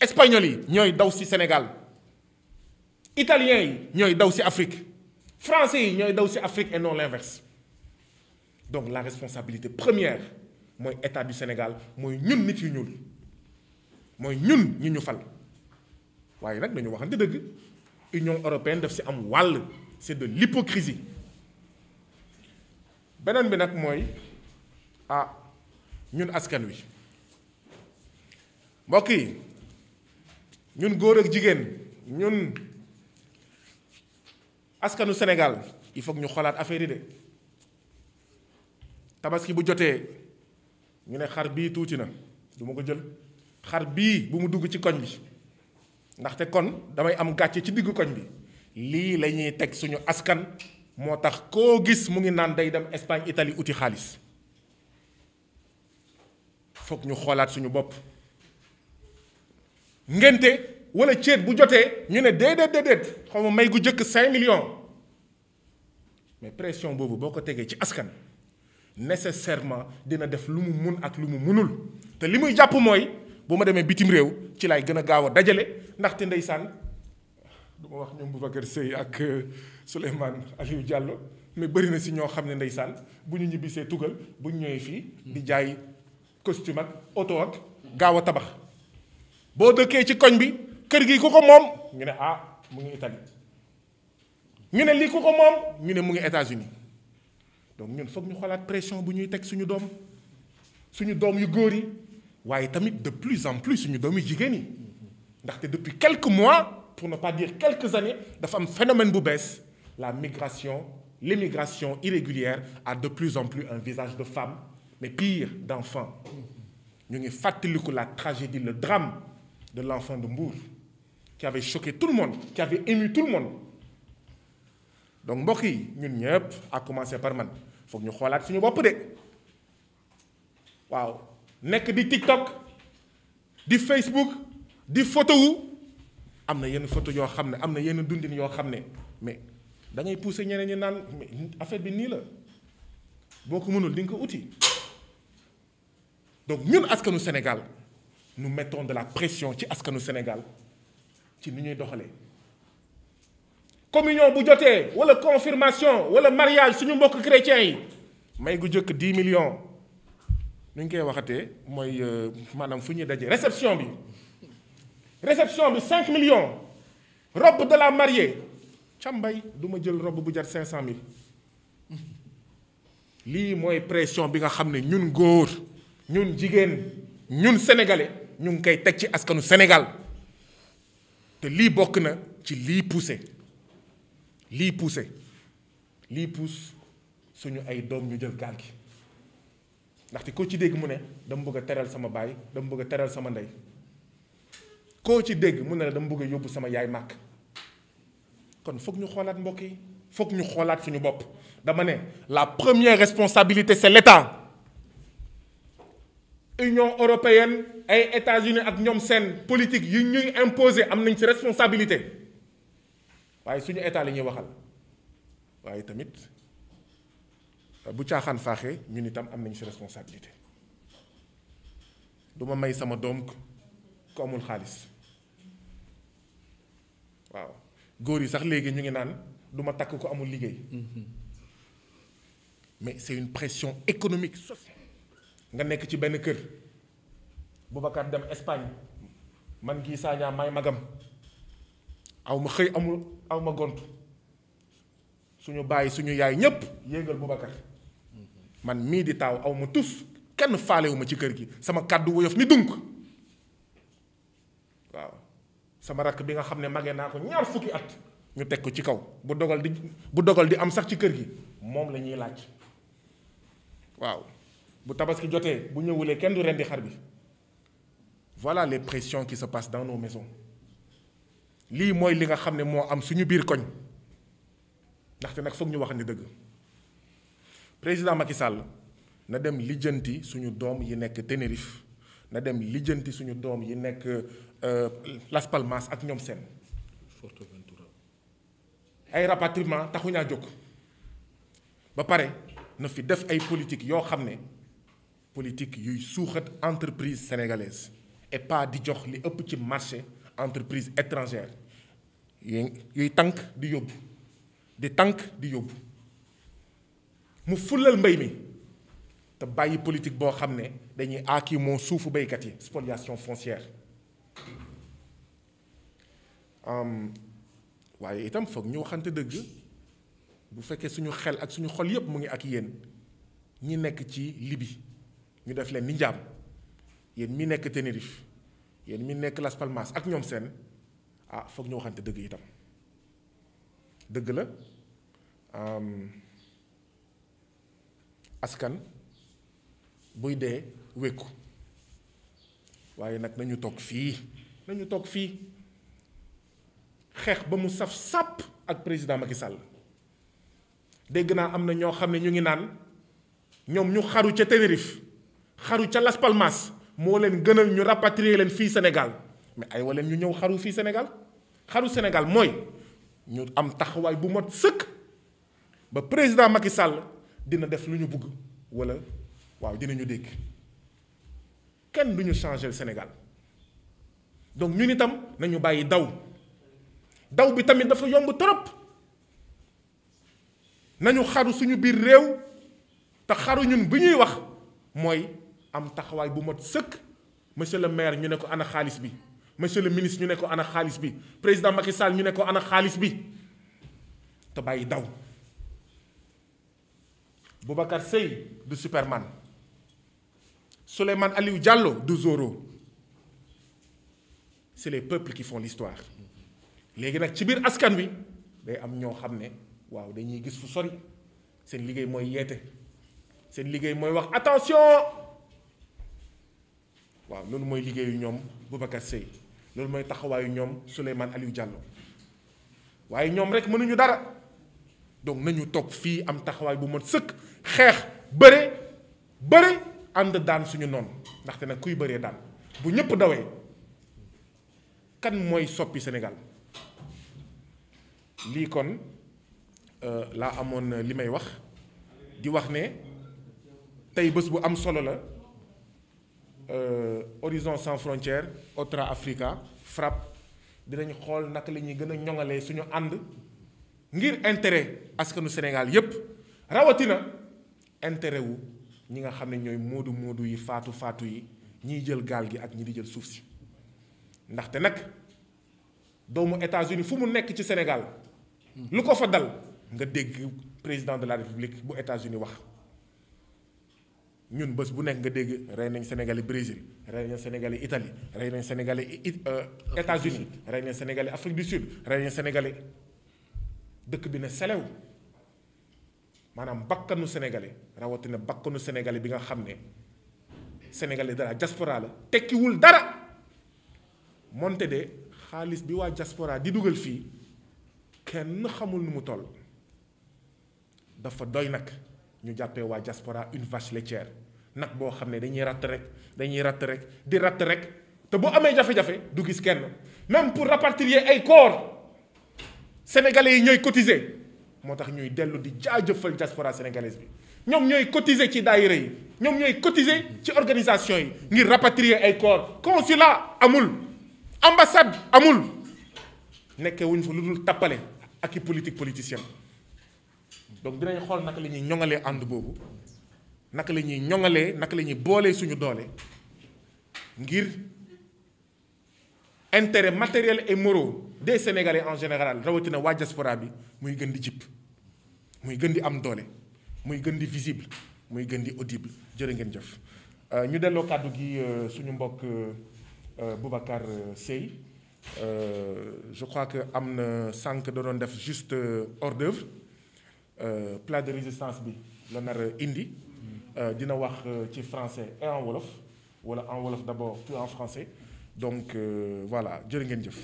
espagnol yi ñooy daw ci Sénégal italien yi ñooy daw ci Afrique français yi ñooy daw ci Afrique et non l'inverse donc la responsabilité première mooy état du Sénégal mooy ñun nit yu ñuul mooy ñun ñi ñu fal. waaye nag dañu waxante dëgg Union européenne daf si am wàll sedd de l'hypocrisie beneen bi nag mooy ah ñun askan wi mbokk yi ñun góor ak jigéen ñun askanu senegal il faut ñu xolaat affaire yi de tabaski bu jotee ñu ne xar bii tuuti na duma ko jël xar bii bu mu dugg ci koñ bi. ndaxte kon damay am gàcce ci diggu koñ bi lii la ñuy teg suñu askan moo tax koo gis mu ngi naan day dem Espagne itali uti xaalis foog ñu xoolaat suñu bopp ngénte walla céet bu jotee ñu ne déedéet déedéet xaw ma may gu jëkk 5 millions mais pression boobu boo ko tegee ci askan nécessairement dina def lu mu mun ak lu mu munul te li muy jàpp mooy bu ma demee bitim réew ci laay gën a gaaw a dajale ndaxte ndeysaan du ma wax ñoom Boubacar Seye ak euh, Souleymane Aliou Diallo mais bëri na si ñoo xam ne ndeysaan bu ñu ñibbisee tugal bu ñu ñëwee fii di jaay costume ak oto ak gaaw a tabax boo dëkkee ci koñ bi kër gi ku ko moom ñu ne ah mu ngi Italie ñu ne lii ku ko moom ñu ne mu ngi États-Unis donc ñun foog ñu xoolaat pression bu ñuy teg suñu doom suñu doom yu góor yi waaye tamit de plus en plus ñu doomi jigéen ndaxte depuis quelques mois pour ne pas dire quelques années dafa am phénomène bu bees la migration l'immigration irrégulière a de plus en plus un visage de femme mais pire d'enfant ñu ngi fàttaliku la tragédie le drame de l'enfant de Mbour qui avait choqué tout le monde qui avait ému tout le monde donc mbokk yi ñun ñëpp a commencer par man foog ñu xoolaat suñu bopp de waaw nekk di TikTok di Facebook di photo wu am na yenn photo yoo xam ne am na yenn dundin yoo xam ne mais da ngay ñeneen ñi naan affaire bi nii la boo ko mënul di ko uti donc ñun askanu Sénégal nu mettons de la pression ci askanu Sénégal ci ni ñuy doxalee communion bu jotee wala confirmation wala mariage suñu mbokk chrétiens yi may gu jëkk 10 million nu ñu koy waxatee mooy euh, maanaam fu ñuy daje réception bi réception bi 5 millions robe de la mariée càmbay du ma jël robe bu jar 500000 lii mooy pression bi nga xam ne ñun góor ñun jigéen ñun sénégalais ñu ngi koy teg ci askanu Sénégal te lii bokk na ci lii poussé lii poussé lii pousse suñu ay doom ñu jël gaal gi. ndaxte koo ci dégg mu ne dama bugg a teral sama baay dama bëgg teral sama ndey koo ci dégg mu ne la dama bëgg a yóbbu sama yaay màkk kon foog ñu xoolaat mbokk yi foog ñu xoolaat suñu bopp dama ne la première responsabilité c'est l'État Union européenne ay États-Unis ak ñoom seen politique yi ñuy imposer am nañ ci responsabilité waaye suñu état la ñuy waxal waaye tamit bu caaxaan faaxee ñun itam am nañu si responsabilité du ma may sama doom ku amul xaalis waaw góor yi sax léegi ñu ngi naan du ma takk ko amul liggéey mais c'est une pression économique sociale nga nekk ci benn kër Boubacar dem Espagne man gii saañaa may magam aw ma xëy amul aw ma gont suñu bàyyi suñu yaay ñépp yéegal Boubacar man mii di taaw aw ma tus kenn faalewu ma ci kër gi sama kàddu woyof ni dunk waaw sama rakk bi nga xam ne mage naa ko ñaar fukki at ñu teg ko ci kaw bu dogal di bu dogal di am sax ci kër gi moom lañuy ñuy laaj waaw bu tabaski jotee bu ñëwulee kenn du rendi xar bi voilà les pressions qui sa passent dans nos lii mooy li nga xam ne moo am suñu biir koñ ndaxte nag foog ñu wax ni dëgg président Macky Sall na dem lijjanti suñu doom yi nekk Tenerife na dem lijjanti suñu doom yi nekk euh, Las Palmas ak ñoom seen ay rapatriement taxuñaa jóg ba pare na fi def ay politique yoo xam ne politique yuy suuxat entreprise sénégalaise et pas di jox li ëpp ci marché entreprise étrangère yuy tànk di yóbbu di tànk di yóbbu mu fulal mbay mi te bàyyi politique boo xam ne dañuy aaki moo suufu baykat yi spoliation foncière waaye itam foog ñu waxante dëgg bu fekkee suñu xel ak suñu xol yépp mu ngi ak yéen ñi nekk ci libi ñu def leen ni njaam yéen mi nekk Tenerife yéen mi nekk Las Palmas ak ñoom seen ah foog ñu waxante dëgg itam dëgg la askan buy dee wékku waaye nag nañu toog fii nañu toog fii xeex ba mu saf sàpp ak président Macky Sall dégg naa am na ñoo xam ne ñu ngi naan ñoom ñu xaru ca Tenerife xaru ca Las moo leen gënal ñu rapatrier leen fii Sénégal mais ay waleen ñu ñëw xaru fii Sénégal xaru Sénégal mooy ñu am taxawaay bu mot sëkk ba président Macky Sall dina def lu ñu bugg wala waaw dinañu dégg kenn du ñu changer Sénégal donc ñun itam nañu bàyyi daw daw bi tamit dafa yomb trop nañu xaru suñu biir réew te xaru ñun bu ñuy wax mooy am taxawaay bu mot sëkk monsieur le maire ñu ne ko ana xaalis bi monsieur le ministre ñu ne ko ana xaalis bi président Macky Sall ñu ne ko ana xaalis bi te bàyyi daw Boubacar Seye du Superman Souleymane Aliou jàlloo du Zorro c'est les peuples qui font l'histoire léegi nag ci biir askan wi day am ñoo xam ne waaw dañuy gis fu sori seen liggéey mooy yeete seen liggéey mooy wax attention waaw loolu mooy liggéeyu ñoom Boubacar Seye loolu mooy taxawaayu ñoom Souleymane Aliou Diallo waaye ñoom rek mënuñu dara. donc nañu toog fii am taxawaay bu mën sëkk xeex bëre bëre ànd daan suñu noon ndaxte nag kuy bëree daan bu ñëpp dawee kan mooy soppi Sénégal lii kon euh, laa amoon euh, li may wax di wax ne tey bés bu am solo la euh, Horizon Sans Frontières Otra Africa FRAPP dinañ xool naka la ñuy gën a ñoŋalee suñu ànd ngir intérêt askanu Sénégal yépp rawatina intérêt wu ñi nga xam ne ñooy moodu moodu yi faatu faatu yi ñiy jël gaal gi ak ñi di jël suuf si ndaxte nag doomu États-Unis fu mu nekk ci Sénégal lu ko fa dal nga dégg président de la République bu États-Unis wax ñun bés bu nekk nga dégg rey nañ Sénégalais Brésil rey nañ Sénégalais Italie rey nañ Sénégalais euh, États-Unis rey nañ Sénégalais dëkk bi ne selew maanaam bakkanu sénégalais rawatina bakkanu sénégalais bi nga xam ne sénégalais dara diaspora la tekkiwul dara moonte de xaalis bi waa diaspora di dugal fii kenn xamul nu mu toll dafa doy nag ñu jàppee waa diaspora une vache laitière nag boo xam ne dañuy ratt rek dañuy ratt rek di ratt rek te bu amee jafe-jafe du gis kenn même pour rapatrier ay corps sénégalais yi ñooy cotiser moo tax ñuy dellu di jaajëfal diaspora sénégalaise bi ñoom ñooy cotiser ci daayira yi ñoom ñooy cotisé ci organisation yi ngir rapatrier ay corps consulat amul ambassade amul nekkee wuñ fa lu dul tappale ak i politique politicienne donc dinañ xool naka la ñuy ñoŋalee ànd boobu naka la ñuy ñoŋalee naka la ñuy boolee suñu doole ngir intérêts matériel et moro des sénégalais en général rawatina waa diaspora bi muy gën di jip muy gën di am doole muy gën di visible muy gën di audible jër jërë ngeen jëf. Euh, ñu delloo kàddu gi euh, suñu mbokk euh, Boubacar Seye je crois que am na sànq da doon def juste hors d'œuvre plat de résistance bi la nar indi dina wax ci français et en wolof wala en wolof d'abord puis en français. donc voilà jërë ngeen jëf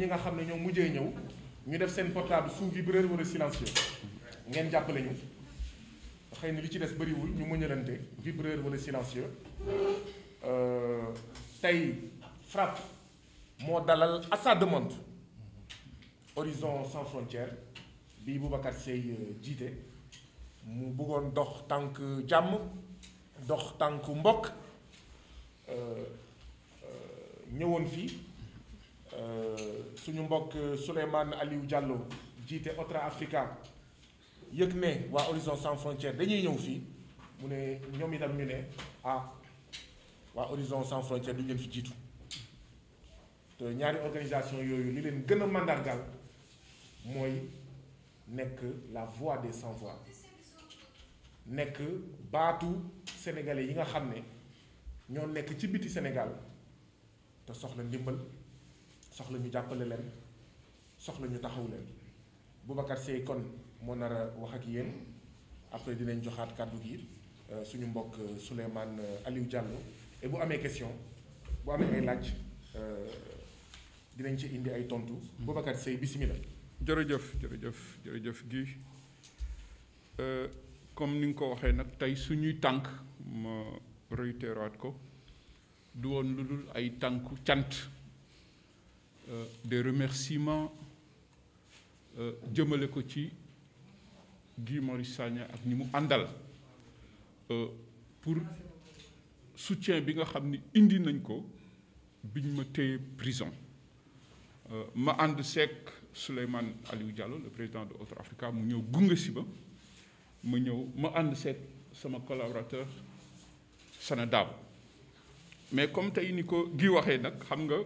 ñi nga xam ne ñoo mujjee ñëw ñu def seen portable sous vibreur wala silencieux ngeen jàppale ñu xëy na li ci des bëriwul ñu muñalante vibreur wala silencieux euh, tey FRAPP moo dalal à sa demande Horizon sans frontières bi Boubacar Seye euh, jiite mu bëggoon dox tànk jàmm dox tànk mbokk euh, ñëwoon fii Euh, suñu mbokk Souleymane Aliou Diallo jiite Otra Africa yëg ne waa Horizon Sans Frontières dañuy ñëw fii mu ne ñoom itam ñu ne ah waa Horizon Sans Frontières du ñu leen fi jiitu te ñaari organisation yooyu li leen gën a mandargal mooy nekk la voix des sans voix nekk baatu sénégalais yi nga xam ne ñoo nekk ci biti Sénégal te soxla ndimbal. soxla ñu jàppale leen soxla ñu taxaw leen Boubacar Seye kon moo nar a wax ak yéen après dinañ joxaat kàddu gi euh, suñu mbokk euh, Souleymane euh, Aliou Diallo et bu amee question bu amee ay laaj dinañ ci indi ay tontu. Hmm. Boubacar Seye bisimilah. jërëjëf jërëjëf jërëjëf Guy comme ni nga ko waxee nag tey suñuy tànk ma réitéraat ko du woon lu dul ay tànku cant. Euh, des remerciements euh, jëmale ko ci Guy Marius ak ñi mu àndal euh, pour soutien bi nga xam ni indi nañ ko biñ ma téye prison ma ànd seek Souleymane Aliou Diallo le président de Otra-Africa mu ñëw gunge si ba ma ñëw ma ànd seek sama collaborateur Sana Dabo mais comme tey ni ko Guy waxee nag xam nga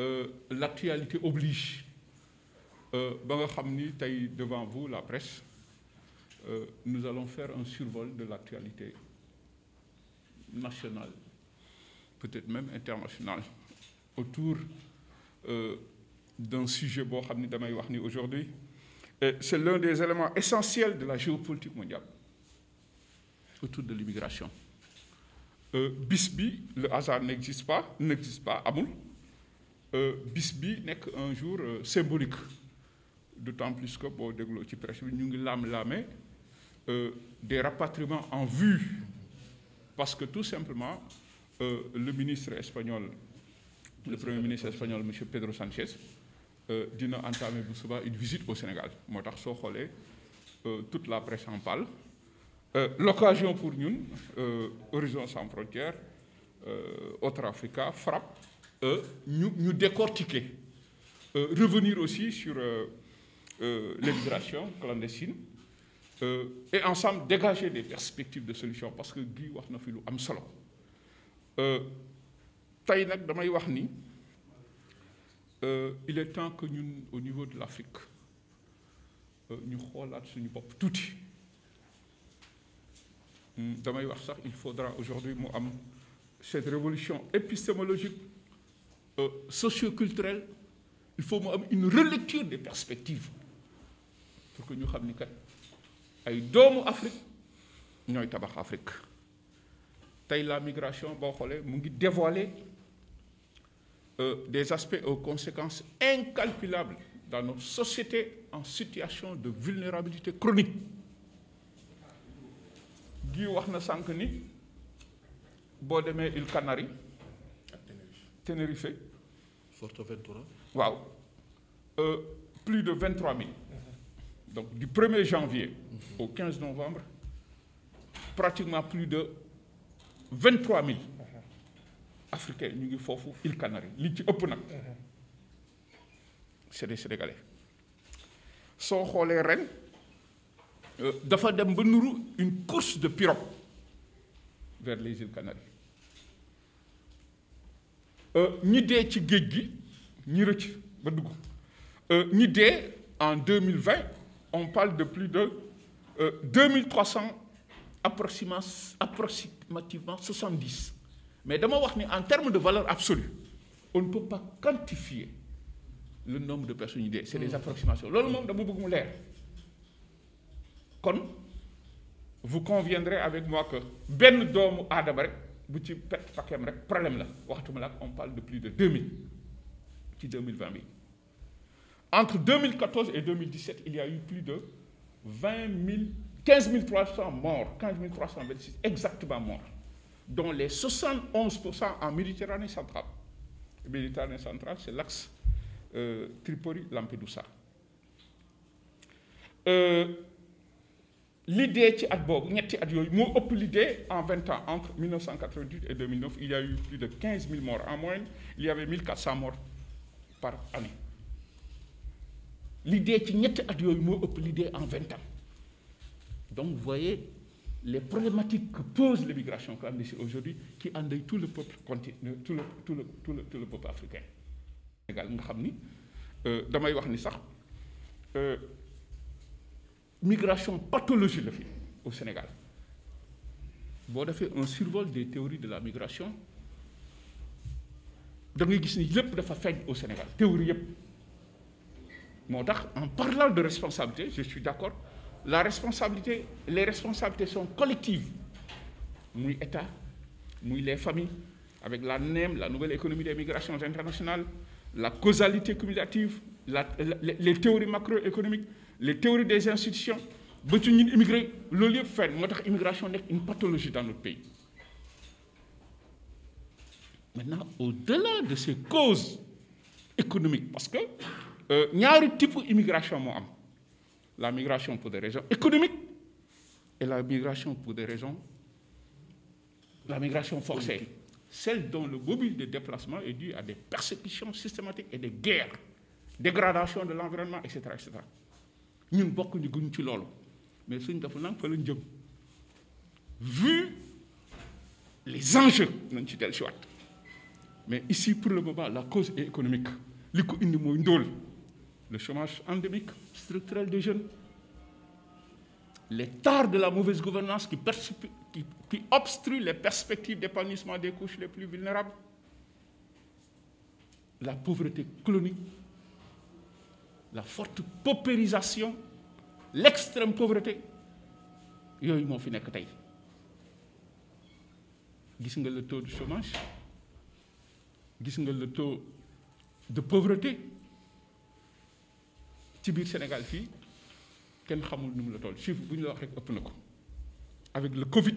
Euh, l'actualité oblige euh, ba nga xam ni tey devant vous la presse euh, nous allons faire un survol de l'actualité nationale peut-être même internationale autour euh, d'un sujet boo xam ni damay wax ni aujourd'hui et c'est l'un des éléments essentiels de la géopolitique mondiale autour de l'immigration bis bi le hasard n'existe pas n'existe pas amul Euh, bis bi nekk un jour euh, symbolique d'autant plus que boo dégloo ci presse bi ñu ngi laam-laame euh, des rapatriements en vue parce que tout simplement le ministre espagnol le premier ministre espagnol monsieur Pedro Sánchez dina entamé bu suba une visite au Sénégal moo tax soo xoolee toute la presse en parle l'occasion pour ñun Horizon sans frontières Otra Africa FRAPP Euh, ñu ñu décortiquer euh, revenir aussi sur euh, l'immigration clandestine et ensemble dégager des perspectives de solution parce que Guy wax na fi lu am solo tey nag damay wax ni il est temps que ñun au niveau de l'Afrique ñu xoolaat suñu bopp tuuti hmm, damay wax sax il faudra aujourd'hui mu am cette révolution épistémologique Euh, socioculturel il faut mu am une relecture des perspectives pour que ñu xam ni kat ay doomu Afrique ñooy tabax Afrique tey la migration boo xoolee mu ngi dévoiler euh, des aspects aux conséquences incalculables dans nos société en situation de vulnérabilité chronique gii wax na sànq ni boo demee îles Canaries Tenerife. Forteventura. waaw euh, plus de vingt trois mille. Mhm. donc du premier janvier. Mhm. au quinze novembre. pratiquement plus de vingt trois mille. Mhm. africains ñu ngi foofu îles Canaries li ci ëpp nag. c'est des sénégalais soo xoolee ren euh, dafa dem ba nuru une course de pirogue vers les îles Canaries. Euh, ñi dee ci géej gi ñi rëcc ba dugg euh, ñi dee en deux mille vingt on parle de plus de euh, deux mille trois cent approximativement soixante dix mais dama wax ni en termes de valeur absolue on ne peut pas quantifier le nombre de personnes yu dee c'est des hmm. approximations loolu moom dama bëgg mu leer kon vous conviendrez avec moi que benn doomu aadama rek bu ci pet paquem problème la waxtuma la ak on parle de plus de 2000 ci 2020 bi entre 2014 et 2017 il y a eu plus de 20 000 15 300 morts 15 326 exactement morts dont les 71 pour cent en Méditerranée centrale Méditerranée centrale c'est l'axe euh, Tripoli Lampedusa euh, li ci at boobu ñetti at yooyu moo ëpp li en vingt ans entre 1998 et 2009 il y a eu plus de 15 000 morts en moyenne il y avait par année li ci ñetti at yooyu moo ëpp li en vingt ans donc vous voyez les problématiques que pose l'immigration clandestine aujourd'hui qui endeuille tout le peuple continent tout le tout le tout le tout le peuple africain nga xam ni euh, damay wax ni sax euh, migration pathologie la fi au Sénégal boo defee un survol des théories de la migration da gis ni lépp dafa feeñ au Sénégal théorie yëpp moo tax en parlant de responsabilité je suis d'accord la responsabilité les responsabilités son collectives muy État muy les familles avec la NEM la nouvelle économie des migrations internationales la causalité cumulative la les, les théories macroéconomiques les théories des institutions ba ci ñun immigré loolu yëpp fenn moo tax immigration nekk une pathologie dans notre pays maintenant au-delà de ces causes économiques parce que euh, ñaari euh, type immigration moo am la migration pour des raisons économiques et la migration pour des raisons la migration forcée celle dont le mobile de déplacement est dû à des persécutions systématiques et des guerres dégradation de l'environnement etc etc ñun bokkuñu guñ ci loolu mais suñ dafa nag fa lañ jëm vu les enjeux nañ ci dellu si waat mais ici pour le moment la cause est économique li ko indi mooy ndóol le chômage endémique structurel des jeunes les tares de la mauvaise gouvernance qui qui, qui obstruent les perspectives d'épanouissement des couches les plus vulnérables la pauvreté clonique la forte paupérisation l'extrême povreté yooyu moo fi nekk tey gis nga le taux de chômage gis nga le taux de pauvreté ci biir Sénégal fii kenn xamul nu la toll chiffre bu ñu la wax rek ëpp na ko avec le Covid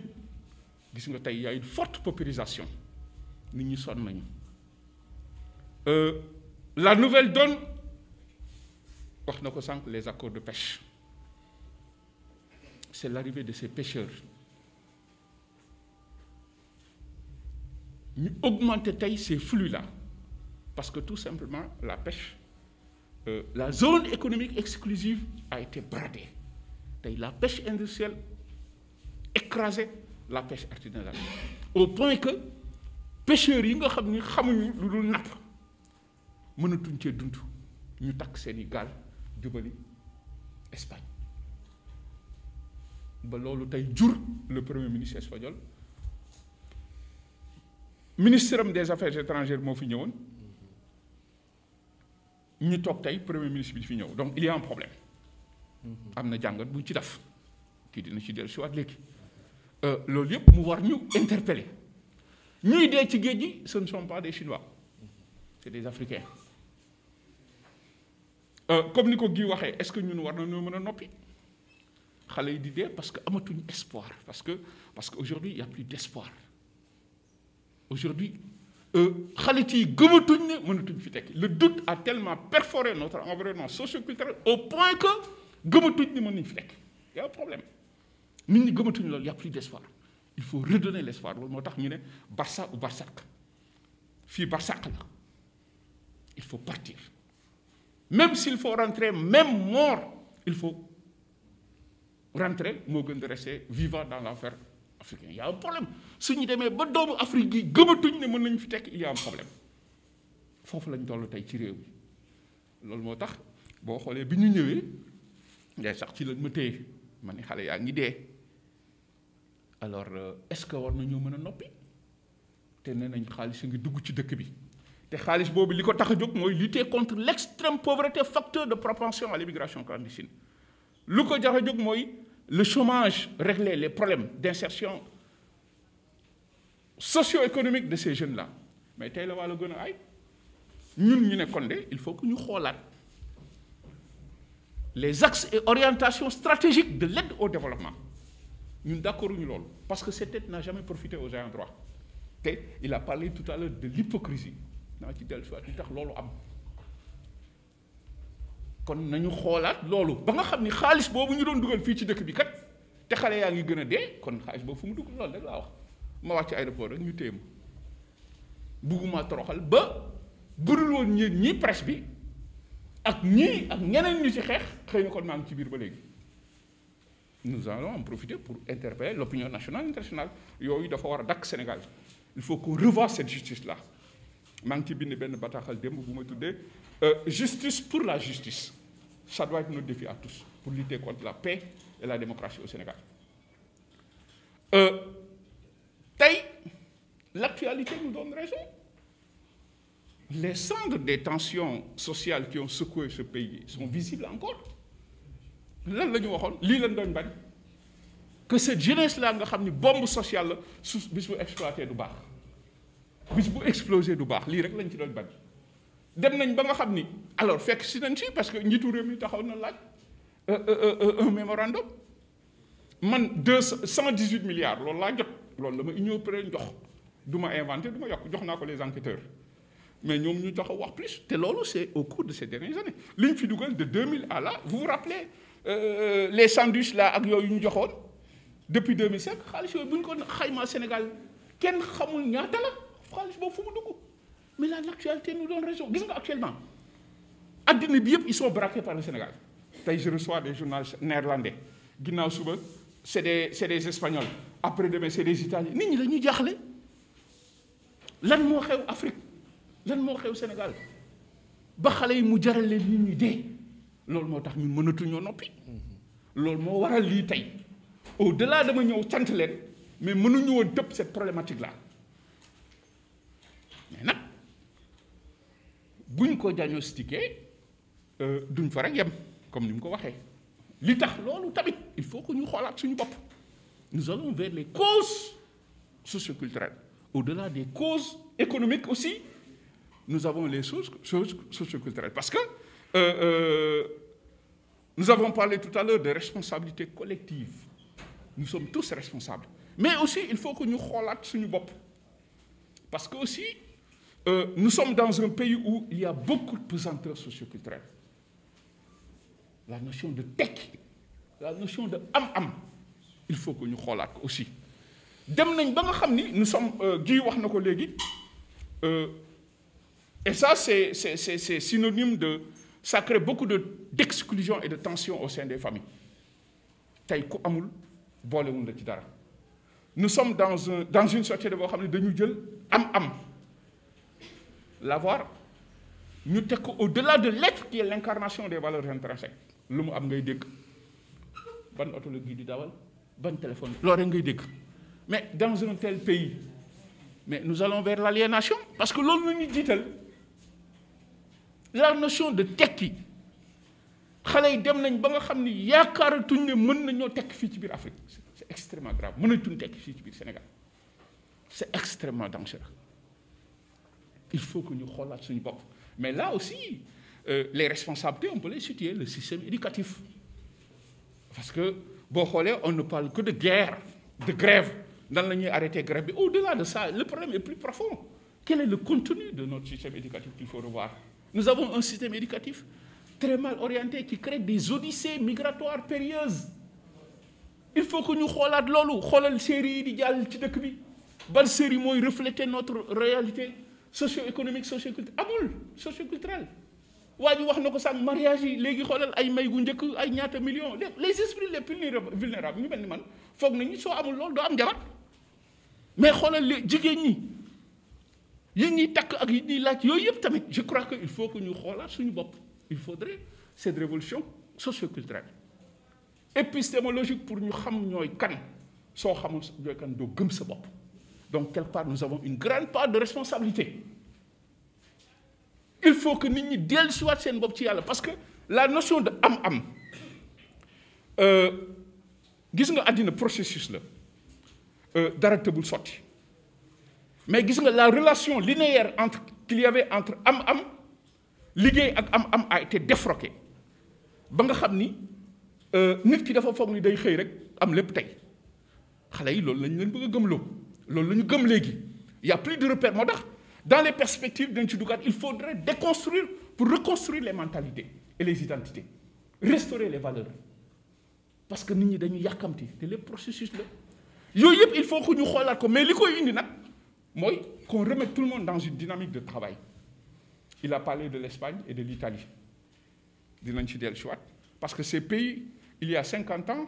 gis nga tey y forte paupérisation nit ñi sonn nañu euh, la nouvelle donne wax na ko sànq les accords de pêche c'est l'arrivée de ces pêcheurs ñu augmenter tey ces flux-là parce que tout simplement la pêche euh, la zone économique exclusive a été bradée tey la pêche industrielle écrasée la pêche artisanale au point que pêcheurs yi nga xam ni xamuñu lu dul napp mënatuñ cee dund ñu takk seen seeni gaal jubali Espagne ba loolu tey jur le premier ministre espagnol ministre am des affaires étrangères moo fi ñëwoon ñu toog tey premier ministre bi di fi ñëw donc il y a problème am na jàngat bu ñu ci def kii dina ci dellu si waat léegi euh, loolu yëpp mu war ñu interpeller ñuy dee ci géej gi ce ne sont pas des chinois c'est des africains Euh, comme ni ko gi waxee est-ce que ñun war nañoo mën a noppi xale yi di dee parce que amatuñu espoir parce que parce que aujourd'hui il y a plus d'espoir aujourd'hui euh, xale yi gëmatuñ ne mënatuñ fi tekki le doute a tellement perforé notre environnement socioculturel au point que gëmatuñ ne mën nañu fi tekk y a problème nit ñi gëmatuñ loolu y a plus d'espoir il faut redonner l'espoir loolu moo tax ñu ne Barça ou Barsaq fii Barsaq la il faut partir même s'il faut rentrer même mort il faut rentrer moo gën di rester vivant dans l'enfer africain il y a un problème su ñu demee ba doomu Afrique gi gëmatuñ ne mën nañu fi tekk il y problème foofu lañu toll tey ci réew mi loolu moo tax boo xoolee bi ñu ñëwee ngay sax ci lañ ma téye ma ni xale yaa ngi dee alors euh, est-ce que war nañoo mën a noppi te nee nañ xaalis a ngi dugg ci dëkk bi. te xaalis boobu li ko tax a jóg mooy lutter contre l' extrême pauvreté facteur de propension à l' immigration clandestine lu ko tax a jóg mooy le chômage régler les problèmes d' insertion socio-économique de ces jeunes la mais tey la wàllu gën ay ñun ñu ne kon de il faut que ñu xoolaat les axes et orientations stratégiques de l'aide au développement ñun d' accord ñu loolu parce que cette aide n'a jamais profité aux ayants droit te il a parlé tout à l'heure de l'hypocrisie naa ci dellusiwaat li tax loolu am kon nañu xoolaat loolu ba nga xam ni xaalis boobu ñu doon dugal fii ci dëkk bi kat te xale yaa ngi gën a dee kon xaalis boobu fu mu dugg loolu rek laa wax ma wàcc aéroport rek ñu téye ma bugguma toroxal ba budul woon ñi ñi presse bi ak ñi ak ñeneen ñu si xeex xëy na kon maa ci biir ba léegi nous allons en profiter pour interpeller l'opinion nationale internationale yooyu dafa war a dakk Sénégal il faut qu'on revoie cette maa ngi ci bind benn bataaxal démb bu ma tuddee euh, justice pour la justice ça doit être notre à tous pour lutter contre la paix et la démocratie au Sénégal euh, tey l'actualité nous donne raison les cendres des tensions sociales qui ont secoué ce pays sont visibles encore lan la ñu waxoon lii lañ doon bañ que cette jeunesse là nga xam ni bombe sociale la su bis bu exploité du baax bis bu explosé du baax lii rek lañ ci doon bañ dem nañ ba nga xam ni alors fekk si nañ si parce que njiitu réew mi taxaw na laaj euh, euh, euh, un mémorandum man deux cent dix huit milliards loolu laa jot loolu la ma union européenne jox du ma inventé du yokk jox naa ko les enquêteurs mais ñoom ñu taxaw wax plus te loolu c'est au cours de ces dernières années fi dugal de 2000 à là vous vous les sandwichs la ak yu ñu joxoon depuis 2005 xaalis yooyu bu ñu ko xaymaa Sénégal kenn xamul ñaata xaalis boobu fu mu dugg mais là l'actualité nous donne raison gis nga actuellement addina bi yëpp ils sont braqués par le Sénégal tey je reçois des journalistes néerlandais ginnaaw suba c'est des c'est des espagnols après demain c'est des italiens nit ñi la jaaxle lan moo xew Afrique lan moo xew Sénégal ba xale yi mu jaral leen nit ñi dee loolu moo tax ñun mënatuñoo noppi loolu moo waral lii tey au-delà dama ñëw sant leen mais mënuñu woon tëb cette problématique là ñu ko diagnostiqué euh, duñ fa rek yem comme ni mu ko waxee li tax loolu tamit il faut que ñu xoolaat suñu bopp nous allons vers les causes socioculturelles au-delà des causes économiques aussi nous avons les choses choses socioculturelles parce que euh, euh, nous avons parlé tout à l'heure de responsabilité collective nous sommes tous responsables mais aussi il faut que ñu xoolaat suñu bopp parce que aussi euh, nous sommes dans un pays où il y a beaucoup de pesanteurs socioculturels. La notion de tekki la notion de am-am il faut que ñu xoolaat ko aussi dem nañ ba nga xam ni nous sommes euh, gii wax na ko léegi euh, et ça c'est c'est c'est c'est synonyme de ça crée beaucoup de d'exclusion et de tension au sein des familles tey ku amul boolewul na ci dara nous sommes dans un dans une boo xam ne dañu jël am-am. l'avoir ñu teg ko au-delà de l'être qui est l'incarnation des valeurs intrinsèques lu mu am ngay dégg ban oto di dawal ban téléphone loolu rek ngay dégg mais dans un tel pays mais nous allons vers l'aliénation parce que loolu la ñu jiital la notion de tekki xale yi dem nañ ba nga xam ni yaakaar yaakaaratuñ ne mën nañoo tekk fii ci biir Afrique c'est extrêmement grave mënatuñ tekk fii ci biir Sénégal c'est extrêmement dangereux il faut que ñu xoolaat suñu bopp mais là aussi euh, les responsabilités on peut les situer le système éducatif parce que boo xoolee on ne parle que de guerre de grève nan la ñuy arrêter grève bi au-delà de ça le problème est plus profond quel est le contenu de notre système éducatif qu'il faut revoir nous avons un système éducatif très mal orienté qui crée des odyssées migratoires périlleuses il faut que ñu xoolaat loolu xoolal série yi di jàll ci dëkk bi ban série mooy refléter notre socio-économique socio-culturel amul socio-culturel waa ñu wax na ko sànq mariage yi léegi xoolal ay may gu njëkk ay ñaata millions les esprits les plus vulnérables ñu mel ni man foog nañu soo amul loolu doo am jabar mais xoolal li jigéen ñi yi ñuy takk ak yi ñuy laaj yooyu yëpp tamit je crois que il faut que ñu xoolaat suñu bopp il faudrait cette révolution socio-culturelle épistémologique pour ñu xam ñooy kan soo xamul ñooy kan doo gëm sa bopp Donc, quelque part, nous avons une grande part de responsabilité. Il faut que nit ñi seen nous ci soit parce que la notion de am am euh gis nga àddina processus la euh dara teubul soti mais gis nga la relation linéaire entre qu'il y avait entre am am liggéey ak am am a été défroquée ba nga xam ni euh, nit ki dafa foog ni day xëy rek am lépp tey xale yi loolu lañ leen bëgg a gëmloo loolu lu ñu gëm léegi y a plus de repères moo dans les perspectives dañ ci dugaat il faudrait déconstruire pour reconstruire les mentalités et les identités restaurer les valeurs parce que nit ñi dañu yàkkamti te les processus la yooyu yëpp il faut que ñu xoolaat ko mais li koy indi nag mooy qu'on remette tout le monde dans une dynamique de travail il a parlé de l'Espagne et de l'Italie dinañ ci dellu si parce que ces pays il y cinquante ans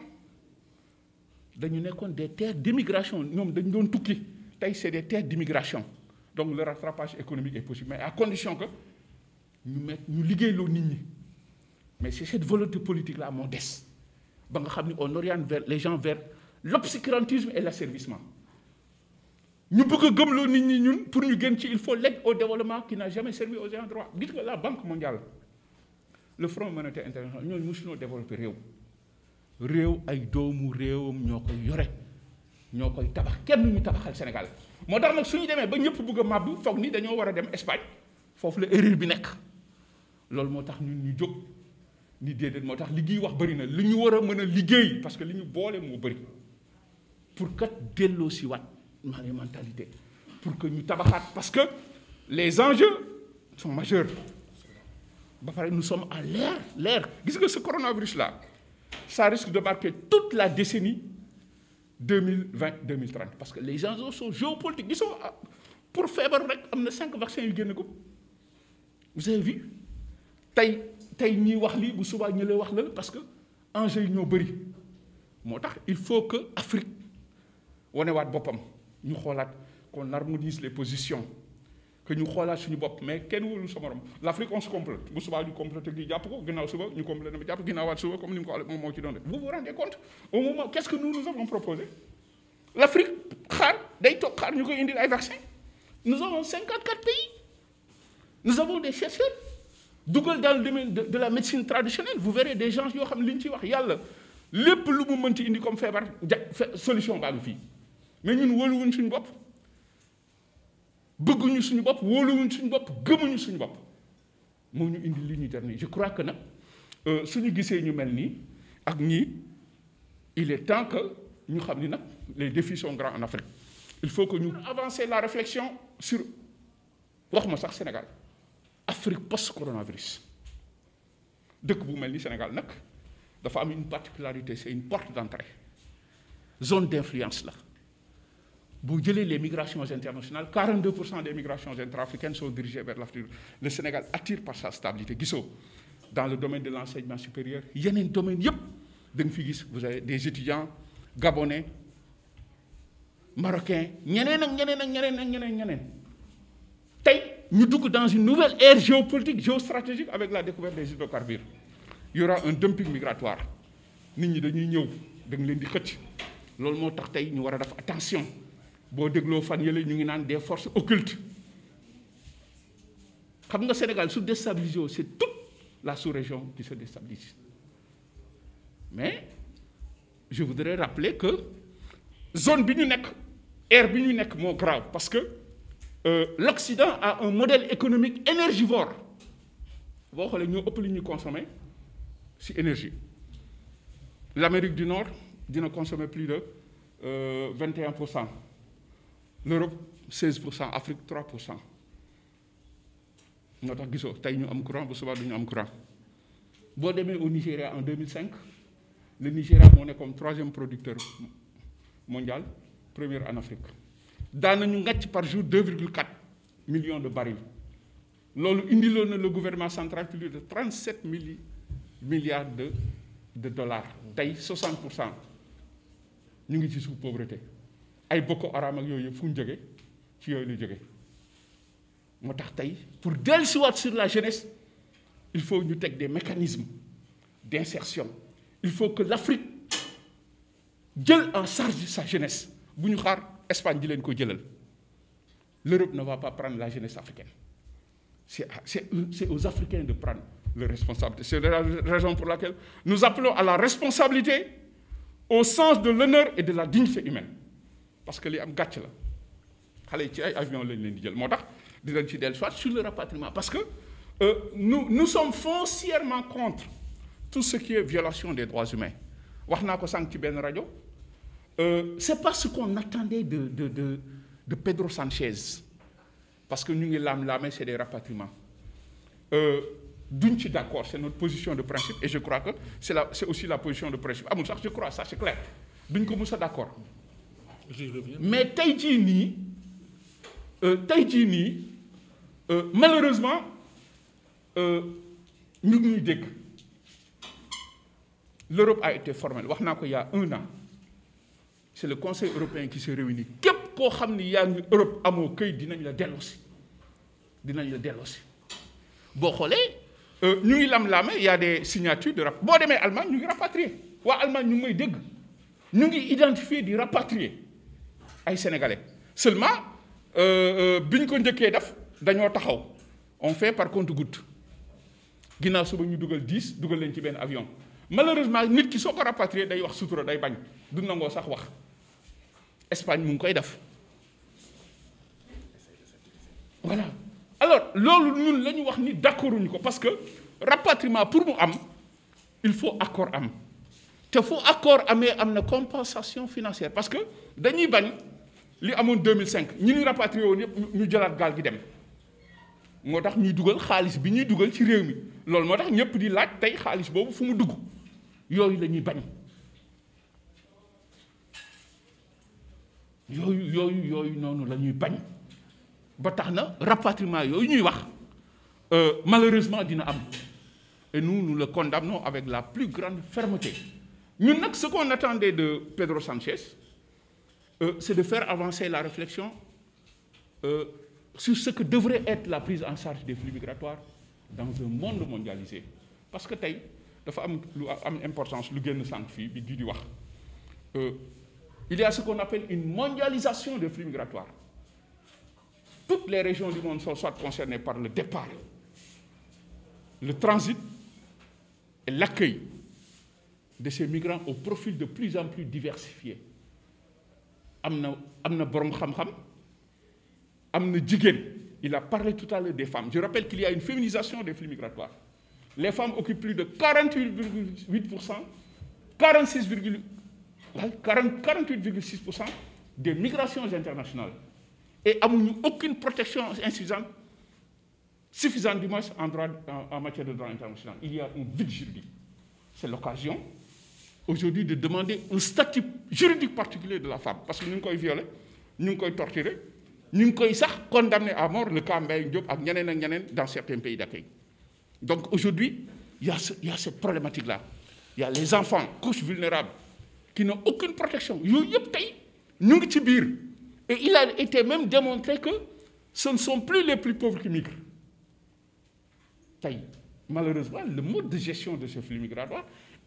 dañu nekkoon des terres d'immigration ñoom dañu doon tukki tey c'est des terres d'immigration donc le rattrapage économique est possible mais à condition que ñu met ñu liggéey loo nit ñi mais c'est cette volonté politique là moo des ba nga xam ni on oriente vers les gens vers l'obscurantisme et l'asservissement ñu bëgg a gëmloo nit ñi ñun pour ñu gën ci il faut l'aide au développement qui n'a jamais servi aux gens droit gis nga la banque mondiale le Fonds monétaire international ñooñu mosuñoo développé réew réew ay doomu réewam ñoo koy yore ñoo koy tabax kenn ñu tabaxal Sénégal moo tax nag suñu demee ba ñëpp bëgg a màbb foog ni dañoo war a dem Espagne foofu la erreur bi nekk loolu moo tax ñun ñu jóg ni déedéet moo tax liggéey wax bari na li ñu war a mën a liggéey parce que li ñu boole moo bëri pour kat delloo si waat ma les mentalité pour que ñu tabaxaat parce que les enjeux sont majeurs ba pare nu sommes à l'ère l'ère gis nga ce coronavirus laa ça risque de marquer toute la décennie 2020-2030 parce que les enjeux sont géopolitiques gisoo ah, pour feebar rek am na cinq vaccins yu génn ko vous avez vu tey tey ñii wax lii bu subaa ñu lay wax la parce que enjeux yi ñoo bëri moo tax il faut que Afrique wanewaat boppam ñu xoolaat qu'on harmonise les positions que ñu xoolaat suñu bopp mais kenn wóolu sa morom l' Afrique on se complète bu subaa ñu complété kii jàpp ko ginnaaw suba ñu complété ma jàpp ginnaawaat suba comme ni mu ko waxee moom moo ci doon def vous vous rendez compte au moment qu' est ce que nous nous koy indil ay dugal dans le de, de la médecine traditionnelle vous verrez des gens yoo xam ne li ñu ciy wax yàlla lépp lu mu mënti indi comme feebar ja solution baa ngi fii mais ñun wóoluwuñ suñu bopp. bëgguñu suñu bopp wóoluwuñ suñu bopp gëmuñu suñu bopp moo ñu indi li ñuy jar nii je crois que nag euh, suñu gisee ñu mel nii ak ñii il est temps que ñu xam ni nag les défis sont en Afrique il faut que ñu avancer la réflexion sur ma sax Sénégal Afrique post coronavirus dëkk bu mel ni Sénégal nag dafa am une particularité c'est une porte d'entrée zone d'influence la boo jëlee les migrations internationales, 42% des migrations intra-africaines sont dirigées vers l'Afrique. Le Sénégal attire par sa stabilité. dans le domaine de l'enseignement supérieur, il y a un domaine, vous avez des étudiants gabonais, marocains, ñu dugg dans une nouvelle ère géopolitique, géostratégique avec la découverte des hydrocarbures. Il y aura un dumping migratoire. Nous sommes venus, nous sommes venus. C'est ce qui nous attention. boo dégloo fan yële ñu ngi naan des forces occultes xam nga Sénégal su déstabilisé c'est c'est toute la sous-région qui se déstabilise mais je voudrais rappeler que zone bi ñu nekk air bi ñu nekk moo grave parce que euh, l'Occident a un modèle économique voir boo xoolee ñoo ëpp li ñuy consommer ci énergie l'Amérique du Nord dina consommer plus de euh, vingt et pour cent l'Europe 16 pour cent Afrique 3 pour cent moo tax gisoo tey ñu am courant bu subaa du ñu am courant boo demee au Nigéria en 2005 le Nigéria moo nekkoon troisième producteur mondial premier en Afrique daanañu ngàcc par jour 2,4 millions de barils loolu indi indiloon na le gouvernement central plus de 37 mille milliards de de dollars tey 60 pour cent ñu ngi ci suuf pauvreté. ay Boko Haram ak yooyu yëpp fu mu jóge ci yooyu lu jóge moo tax tey pour dellusiwaat sur la jeunesse il faut ñu teg des mécanismes d'insertion il faut que l'Afrique jël en charge sa jeunesse bu ñu xaar Espagne di leen ko jëlal l'Europe ne va pas prendre la jeunesse africaine c'est c'est c'est aux Africains de prendre leur responsabilité c'est la raison pour laquelle nous appelons à la responsabilité au sens de l'honneur et de la dignité humaine parce que li am gàcc la xale yi ci ay avion lañ leen di jël moo tax dinañ ci dell soit sur le rapatriement parce que euh, nous nous sommes foncièrement contre tout ce qui est violation des droits humains wax naa ko sànq ci benn rajo euh, c'est pas ce qu'on attendait de de de de Pedro Sanchez parce que ñu ngi laam-laamee c'est des rapatriements euh, duñ ci d'accord c'est notre position de principe et je crois que c'est la c'est aussi la position de principe amul sax je crois ça c'est clair duñ ko mës a mais tey jii nii euh, tey ci nii euh, malheureusement euh, ñu ngi ñuy dégg l'Europe a été formelle wax naa ko il y a un an c'est le conseil européen qui s'est réuni képp koo xam ni yaa ngi Europe amoo këy dinañ la delloosi dinañ la delloosi boo xoolee ñu ngi lam-laame y a des signatures de rap boo demee Allemagne ñu ngi rapatrier waa Allemagne ñu ngi may dégg ñu ngi identifier di rapatrier ay sénégalais seulement euh, euh, bi ñu ko njëkkee def dañoo taxaw on fait par compte-gouttes ginnaaw suba ñu dugal 10 dugal leen ci benn avion malheureusement nit ki soo ko rapatrier day wax sutura day bañ du nangoo sax wax Espagne mu ngi koy def voilà alors loolu ñun la ñu wax ni d'accorduñu ko parce que rapatriement pour mu am il faut accord am te fu accord amee am na compensation financière parce que dañuy bañ li amoon 2005 ñi ñu rapatrié woon yëpp ñu jëlaat gaal gi dem moo tax ñuy dugal xaalis bi ñuy dugal ci réew mi loolu moo tax ñëpp di laaj tey xaalis boobu fu mu dugg yooyu lañuy ñuy bañ yooyu yooyu yooyu noonu la bañ ba tax na rapatriement yooyu ñuy wax euh, malheureusement dina am et nous nous le condamnons avec la plus grande fermeté ñun nag ce qu'on de Pedro Sanchez euh, c'est de faire avancer la réflexion euh, sur ce que devrait être la prise en charge des flux migratoires dans un monde mondialisé parce que tey dafa am lu am importance lu génn sànq fii bi di di wax euh, il y a ce qu'on appelle une mondialisation des flux migratoires toutes les régions du monde sont soit concernées par le départ le transit et l'accueil de ces migrants au profil de plus en plus diversifié am na am na borom xam-xam am na jigéen il a parlé tout à l'heure des femmes je rappelle qu'il y a une féminisation des flux migratoires les femmes occupent plus de 48 virgule 8 pour cent 46 virgule 40 48 virgule 6 pour des migrations internationales et amuñu aucune protection insuffisante suffisante du moins en droit en, en matière de droit international il y a un vide juridique c'est l'occasion aujourd'hui de demander un statut juridique particulier de la femme parce que ñu ngi koy violer ñu ngi torturer ñu ngi koy sax condamner à mort le cas Mbaye Diop ak ñeneen ak ñeneen dans certains pays d'accueil donc aujourd'hui il a ce, il y a cette problématique là il y a les enfants couches vulnérables qui n'ont aucune protection yooyu yëpp tey ñu ngi ci biir et il a été même démontré que ce ne sont plus les plus pauvres qui migrent tey malheureusement le de gestion de ce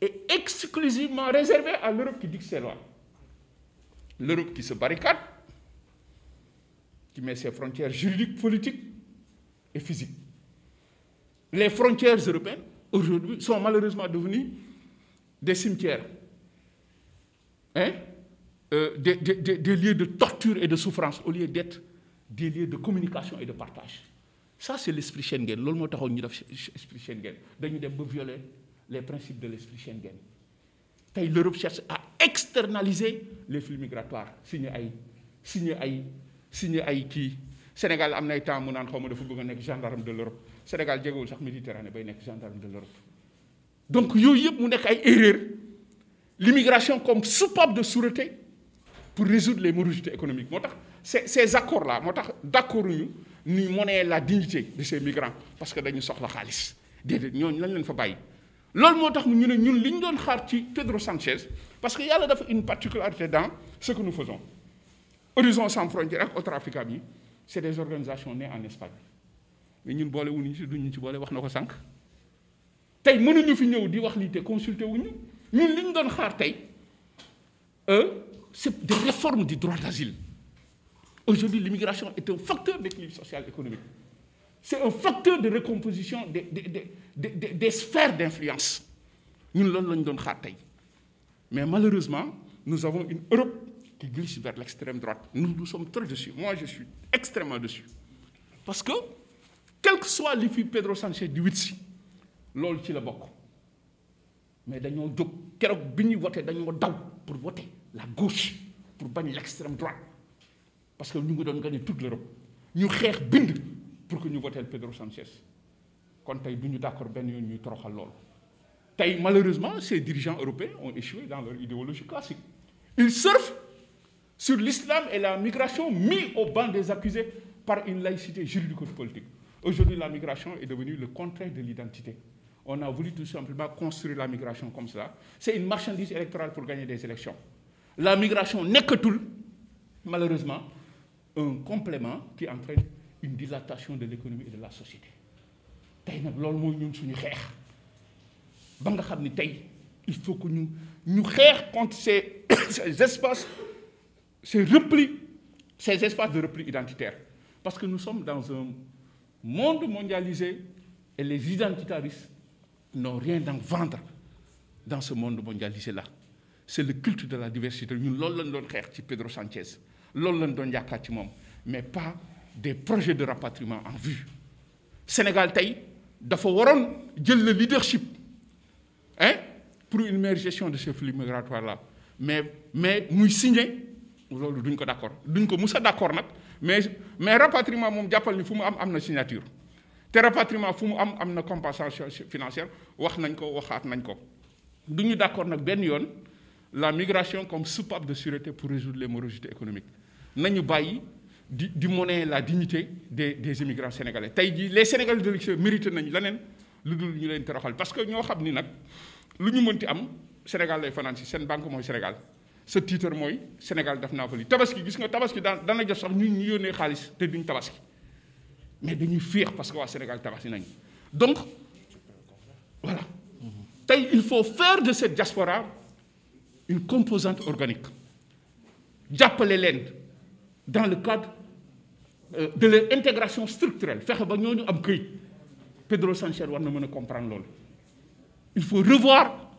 est exclusivement réservé à l'Europe qui dit que c'est loin. L'Europe qui se barricade, qui met ses frontières juridiques, politiques et physiques. Les frontières européennes, aujourd'hui, sont malheureusement devenues des cimetières, hein? euh, des, des, des, des lieux de torture et de souffrance, au lieu d'être des lieux de communication et de partage. Ça, c'est l'esprit Schengen. C'est ce que nous avons fait, l'esprit Schengen. Nous avons violé les principes de l'esprit Schengen tey l'Europe cherche à externaliser les flux migratoires signé ay signé ay signé ay kii Sénégal am na ay temps mu naan xaw ma dafa bëgg a nekk gendarme de l'Europe Sénégal jegewul sax Méditerranée bay nekk gendarme de l'Europe donc yooyu yëpp mu nekk ay erreur l'immigration comme soupape de sûreté pour résoudre les morosités économiques moo tax ces ces accords là moo tax d'accord ñu ni monnaie la dignité de ces migrants parce que dañu soxla xaalis déedéet ñooñu lañ leen fa bàyyi loolu moo tax ñu ne ñun li ñu doon xaar ci Pedro Sanchez parce que yàlla dafa une particularité dans ce que nous faisons Horizon sans frontières ak Otra Africa bi c' est des organisations ne en Espagne mais ñun boole wuñu ci ñu ci boole wax na ko sànq tey mënuñu fi ñëw di wax lii te consulté wuñu ñun li ñu doon xaar tey euh, c' est des réformes du droit d' asile aujourd'hui l'immigration est un facteur d'équilibre social économique c'est un facteur de recomposition de de des des des sphères d'influence ñun loolu la ñu doon xaar tey mais malheureusement nous avons une Europe qui glisse vers l'extrême droite nous nous sommes très dessus moi je suis extrêmement dessus parce que quel que soit li fi Pedro Sanchez di wit si loolu ci la bokk mais dañoo jóg keroog bi ñuy voté dañoo daw pour voter la gauche pour bañ l'extrême droite parce que ñu ngi doon gagner toute l'Europe ñu xeex bind pour que ñu voteel Pedro Sanchez kon tey du ñu d'accord benn yoon ñuy toroxal loolu tey malheureusement ces dirigeants européens ont échoué dans leur idéologie classique ils surfent sur l'islam et la migration mis au banc des accusés par une laïcité juridico-politique aujourd'hui la migration est devenue le contraire de l'identité on a voulu tout simplement construire la migration comme cela c'est une marchandise électorale pour gagner des élections la migration nekkatul malheureusement un complément qui entraîne une dilatation de l'économie et de la société tey nag loolu mooy ñun suñu xeex ba nga xam ni tey il faut que ñu ñu xeex contre ces ces espaces ces replis ces espaces de repli identitaire parce que nous sommes dans un monde mondialisé et les identitaristes n'ont rien à vendre dans ce monde mondialisé là c'est le culte de la diversité ñun loolu lañ doon xeex ci Pedro Sanchez loolu lañ doon yaakaar ci moom mais pas des projet de rapatriement en vue Sénégal tey dafa waroon jël le leadership hein pour une meilleure gestion de ce flux migratoire là mais mais muy signé loolu duñ ko d'accord duñ ko mus a d'accord nag mais mais rapatriement moom jàppal ni fu mu am am na signature te rapatriement fu mu am am na compensation financière wax nañ ko waxaat nañ ko du ñu d'accord nag benn yoon la migration comme soupape de sûreté pour les l'hémorragie économiques nañu bàyyi di di monnaie la dignité des des immigrants sénégalais tey jii les sénégal de l'extérieur mérité nañu leneen lu dul ñu leen toroxal parce que ñoo xam ni nag lu ñu mënti am Sénégal lay fanaan si seen banque mooy Sénégal sa titre mooy Sénégal def naa fa lii tabaski gis nga tabaski daan dana jox sax ñun ñu yónnee xaalis te duñ tabaski mais dañuy féex parce que waa Sénégal tabaski nañu donc voilà tey il faut faire de cette diaspora une composante organique jàppale leen Euh, de leur intégration structurelle fexe ba ñooñu am këyit Pedro Sanchez war na mën a comprendre loolu il faut revoir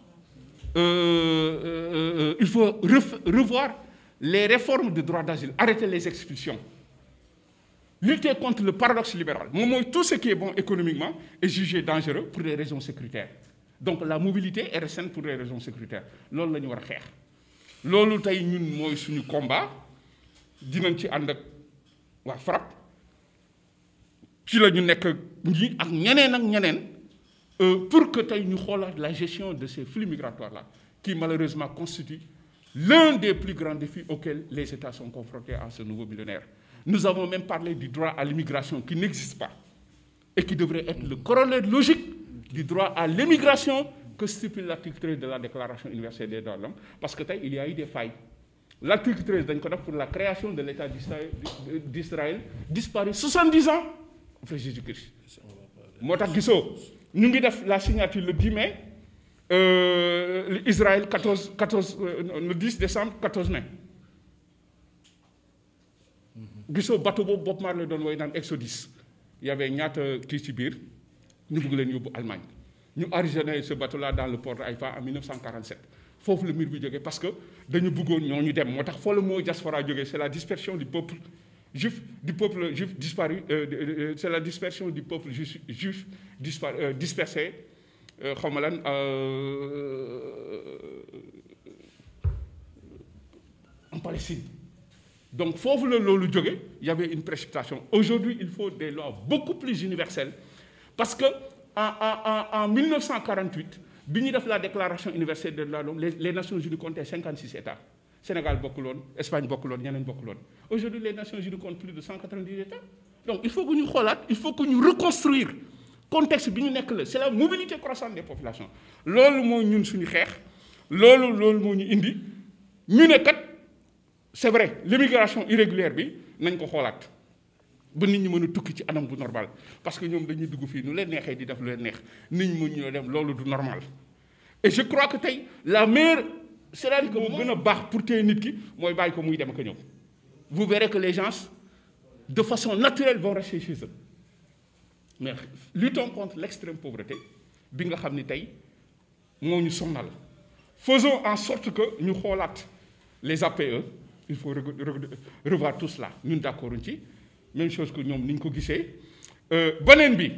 euh, euh, il faut revoir les réformes de droit d'asile arrêter les expulsions lutter contre le paradoxe libéral moom mooy tout ce qui est bon économiquement est jugé dangereux pour des raisons sécuritaires donc la mobilité est saine pour des raisons sécuritaires loolu la ñu war a xeex loolu tey ñun mooy suñu combat dinañ ci ànd waa FRAPP ci la ñu nekk ñi ak ñeneen ak ñeneen euh, pour que tey ñu xoolaat la gestion de ces flux migratoires là qui malheureusement constitue l'un des plus grands défis auxquels les États sont confrontés à ce nouveau millénaire nous avons même parlé du droit à l'immigration qui n'existe pas et qui devrait être le corollaire logique du droit à l'émigration que stipule l'article 13 de la Déclaration universelle des droits de l'homme parce que tey il y la l'article 13 dañ ko def pour la création de l'État d'Israël disparu 70 ans après Jésus-Christ moo tax gisoo ñu ngi def la signature le 10 mai euh, Israël 14 14 euh, le 10 décembre 14 mai gisoo bateau boobu Bob Marley doon woy naan Exodus y avait ñaata kii ci biir ñu bëgg leen yóbbu Allemagne ñu arraisonné ce bateau là dans le port d'Haïfa en foofu la mbir bi jógee parce que dañu buggoon ñoo ñu dem moo tax foo la moo diaspora jógee c'est la dispersion du peuple juif du peuple juif disparu euh, c'est la dispersion du peuple juif, juif dispar euh, euh xaw ma lan euh, en Palestine donc foofu la loolu jóge y une précipitation aujourd'hui il faut des lois beaucoup plus universelles parce que en en en en 1948 bi ñu def la déclaration universelle des droits de l'homme les les Nations Unies comptaient 56 États Sénégal bokkuloon Espagne bokkuloon ñeneen bokkuloon aujourd'hui les Nations Unies comptent plus de 190 États donc il faut que ñu xoolaat il faut que ñu reconstruire contexte bi ñu nekk la c'est la mobilité croissante des populations loolu moo ñun suñu xeex loolu loolu moo ñu indi ñu ne kat c'est vrai l'immigration irrégulière bi nañ ko xoolaat. ba nit ñi mën a tukki ci anam bu normal parce que ñoom dañuy dugg fii nu leen neexee di def lu leen neex nit ñi mën ñoo dem loolu du normal et je crois que tey la meilleure c'est-à-dire que mu gën a baax pour tey nit ki mooy bàyyi ko muy dem ak ñëw vous verrez que les gens de façon naturelle vont rester sa eux mais luttons contre l'extrême pauvreté bi nga xam ni tey moo ñu sonnal faisons en sorte que ñu xoolaat les APE il faut revoir tout cela ñun d'accord ci même chose que ñoom ni ñu ko gisee euh, beneen bi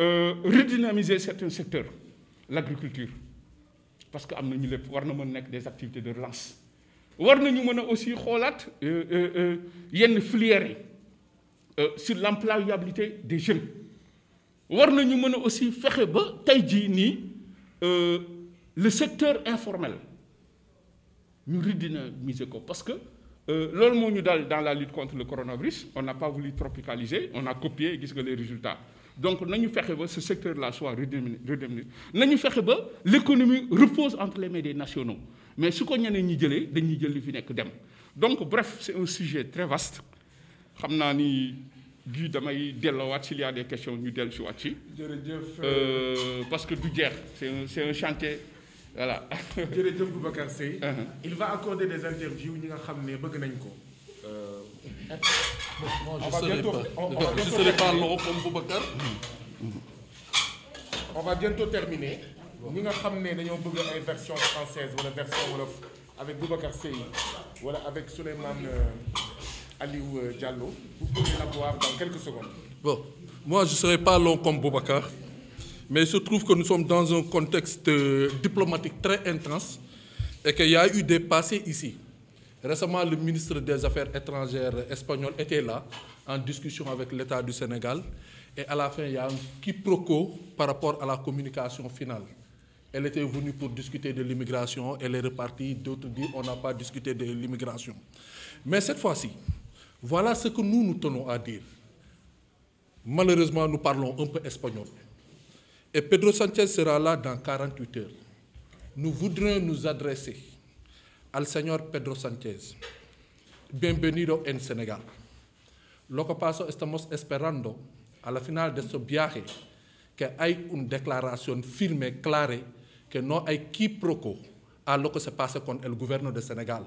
euh, redynamiser certains secteurs l'agriculture parce que am na ñu lépp war na mën nekk des activités de relance war nañu mën a aussi xoolaat euh, yenn filières yi sur l'employabilité des jeunes war nañu mën a aussi fexe ba tey jii nii le secteur informel ñu redynamiser ko parce que Euh, loolu moo ñu dal dans la lutte contre le coronavirus on n'a pas voulu tropicaliser on a copié gis nga les résultat donc nañu fexe ba ce secteur là soit redéterminé nañu fexe ba l'économie repose entre les mains des nationaux mais su ko ñeneen ñi jëlee dañuy jël li fi nekk dem donc bref c'est un sujet très vaste xam naa ni gi damay delloowaat s'il y a des question ñu dellu si waat si. jërëjëf euh, parce que du jeex c'est un c'est un chantier. voilà. jërëjëf Boubacar Seye. Uh-huh. il va accorder des interviews ñi nga xam ne bëgg nañ ko. Euh, bon je serai pas je serai mm-hmm. on va bientôt terminer. ñi nga xam ne dañoo bëgg ay version française wala version wolof avec Boubacar Seye wala avec Souleymane euh, Aliou euh, Diallo vous pouvez l'avoir dans quelques secondes. bon moi je serai pas long comme Boubacar. mais il se trouve que nous sommes dans un contexte euh, diplomatique très intense et que y a eu des passés ici. Récemment, le ministre des Affaires étrangères espagnol était là en discussion avec l'État du Sénégal et à la fin, il y a un quiproquo par rapport à la communication finale. Elle était venue pour discuter de l'immigration, elle est repartie, d'autres disent on n'a pas discuté de l'immigration. Mais cette fois-ci, voilà ce que nous nous tenons à dire. Malheureusement, nous parlons un peu Et Pedro Sanchez sera là dans 48 heures. Nous voudrions nous adresser al señor Pedro Sánchez. Bienvenido en Senegal. Lo que pasó, estamos esperando a la final de este viaje que hay una declaración firme, clara, que no hay quiproquo a lo que se pasa con el gobierno de Senegal.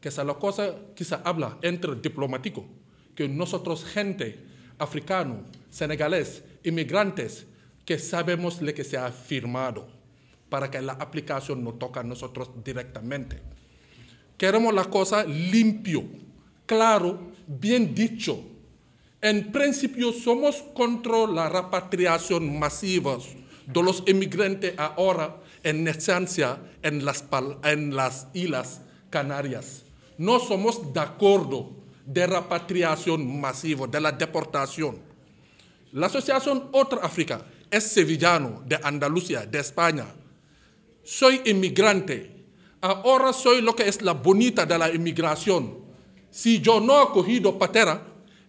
Que es la cosa que se habla entre diplomático, que nosotros, gente africano, senegalés, inmigrantes, sabemos lo que se ha firmado para que la aplicación nos toque a nosotros directamente. Queremos la cosa limpio, claro, bien dicho. En principio somos contra la repatriación masiva de los inmigrantes ahora en esencia en las, Islas Canarias. No somos de de repatriación masiva, de la deportación. La Asociación Otra es sevillano, de Andalucía, de España. Soy inmigrante. Ahora soy lo que es la bonita de la inmigración. Si yo no he patera,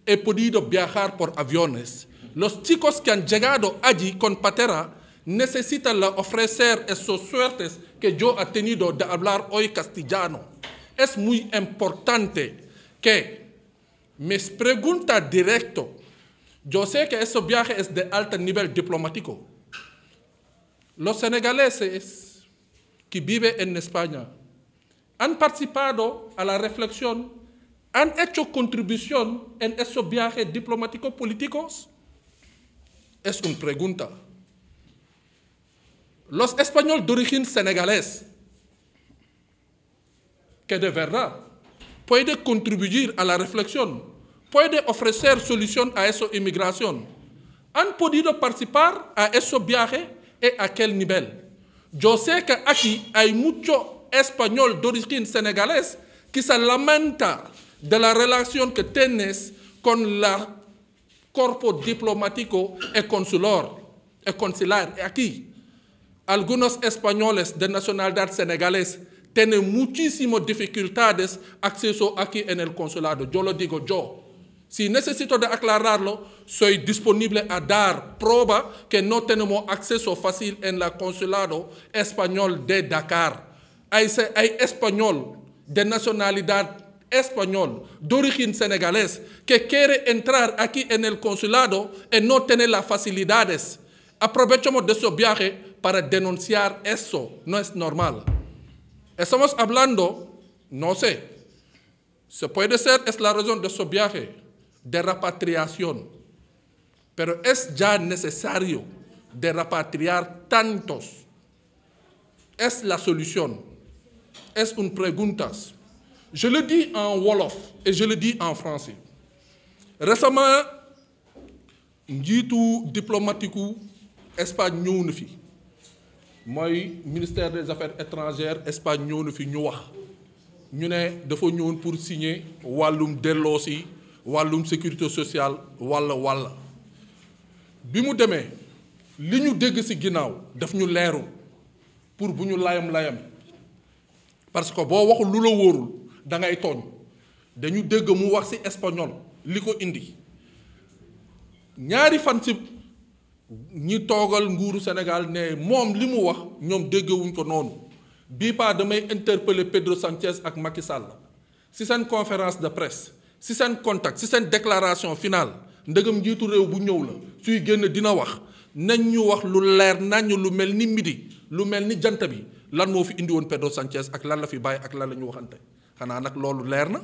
he podido viajar por aviones. Los chicos que han llegado allí con patera necesitan ofrecer esas suertes que yo he tenido de hablar hoy castellano. Es muy importante que mis preguntas directas Yo sé que ese viaje es de alto nivel diplomático. Los senegaleses que viven en España han participado a la reflexión, han hecho contribución en esos viajes diplomáticos políticos. Es una pregunta. Los españoles de origen senegalés, que de verdad pueden contribuir a la reflexión puede ofrecer solución a esa inmigración. Han podido participar a esos viajes y aquel nivel. Yo que aquí hay mucho español de origen senegalés se lamenta de la relation que tienes con la cuerpo diplomático y consular, y aquí. Algunos españoles de nacionalidad senegalés tienen muchísimas dificultades acceso aquí en el consulado. Yo lo digo yo. si necesito de aclararlo, soy disponible a dar prueba que no tenemos acceso fácil en la consulado español de Dakar. Hay, hay español de nacionalidad español de origen que quiere entrar aquí en el consulado y no tener las facilidades. Aprovechemos de su viaje para denunciar eso. No es normal. Estamos hablando, no sé, se puede ser, es la razón de su viaje de repatriación, pero es ya necesario de repatriar tantos. Es la solution Es una pregunta. Je le dis en wolof et je le dis en français. Récemment, njiitu diplomatique u Espagne ñëw na fi mooy ministère des affaires étrangères Espagne ñëw na fi ñu wax ñu ne dafa ñëwoon pour signer wàllum delloosi wàllum sécurité sociale walla walla bi mu demee li ñu dégg ci ginnaaw daf ñu leeru pour bu ñu layam-layam parce que boo waxul lu la wóorul da ngay tooñ dañu dégg mu wax ci espagnol li ko indi ñaari fan ci ñi toogal nguuru Sénégal ne moom li mu wax ñoom déggewuñ ko noonu bii pa damay interpeller Pedro Sanchez ak Macky Sall ci seen conférence de presse si seen contact si seen déclaration finale ndegem njiitu réew bu ñëw la suy génn dina wax nañ ñu wax lu leer nañu lu mel ni midi lu mel ni jant bi lan moo fi indi woon Pedro Sanchez ak lan la fi bàyyi ak lan la ñu waxante xanaa nag loolu leer na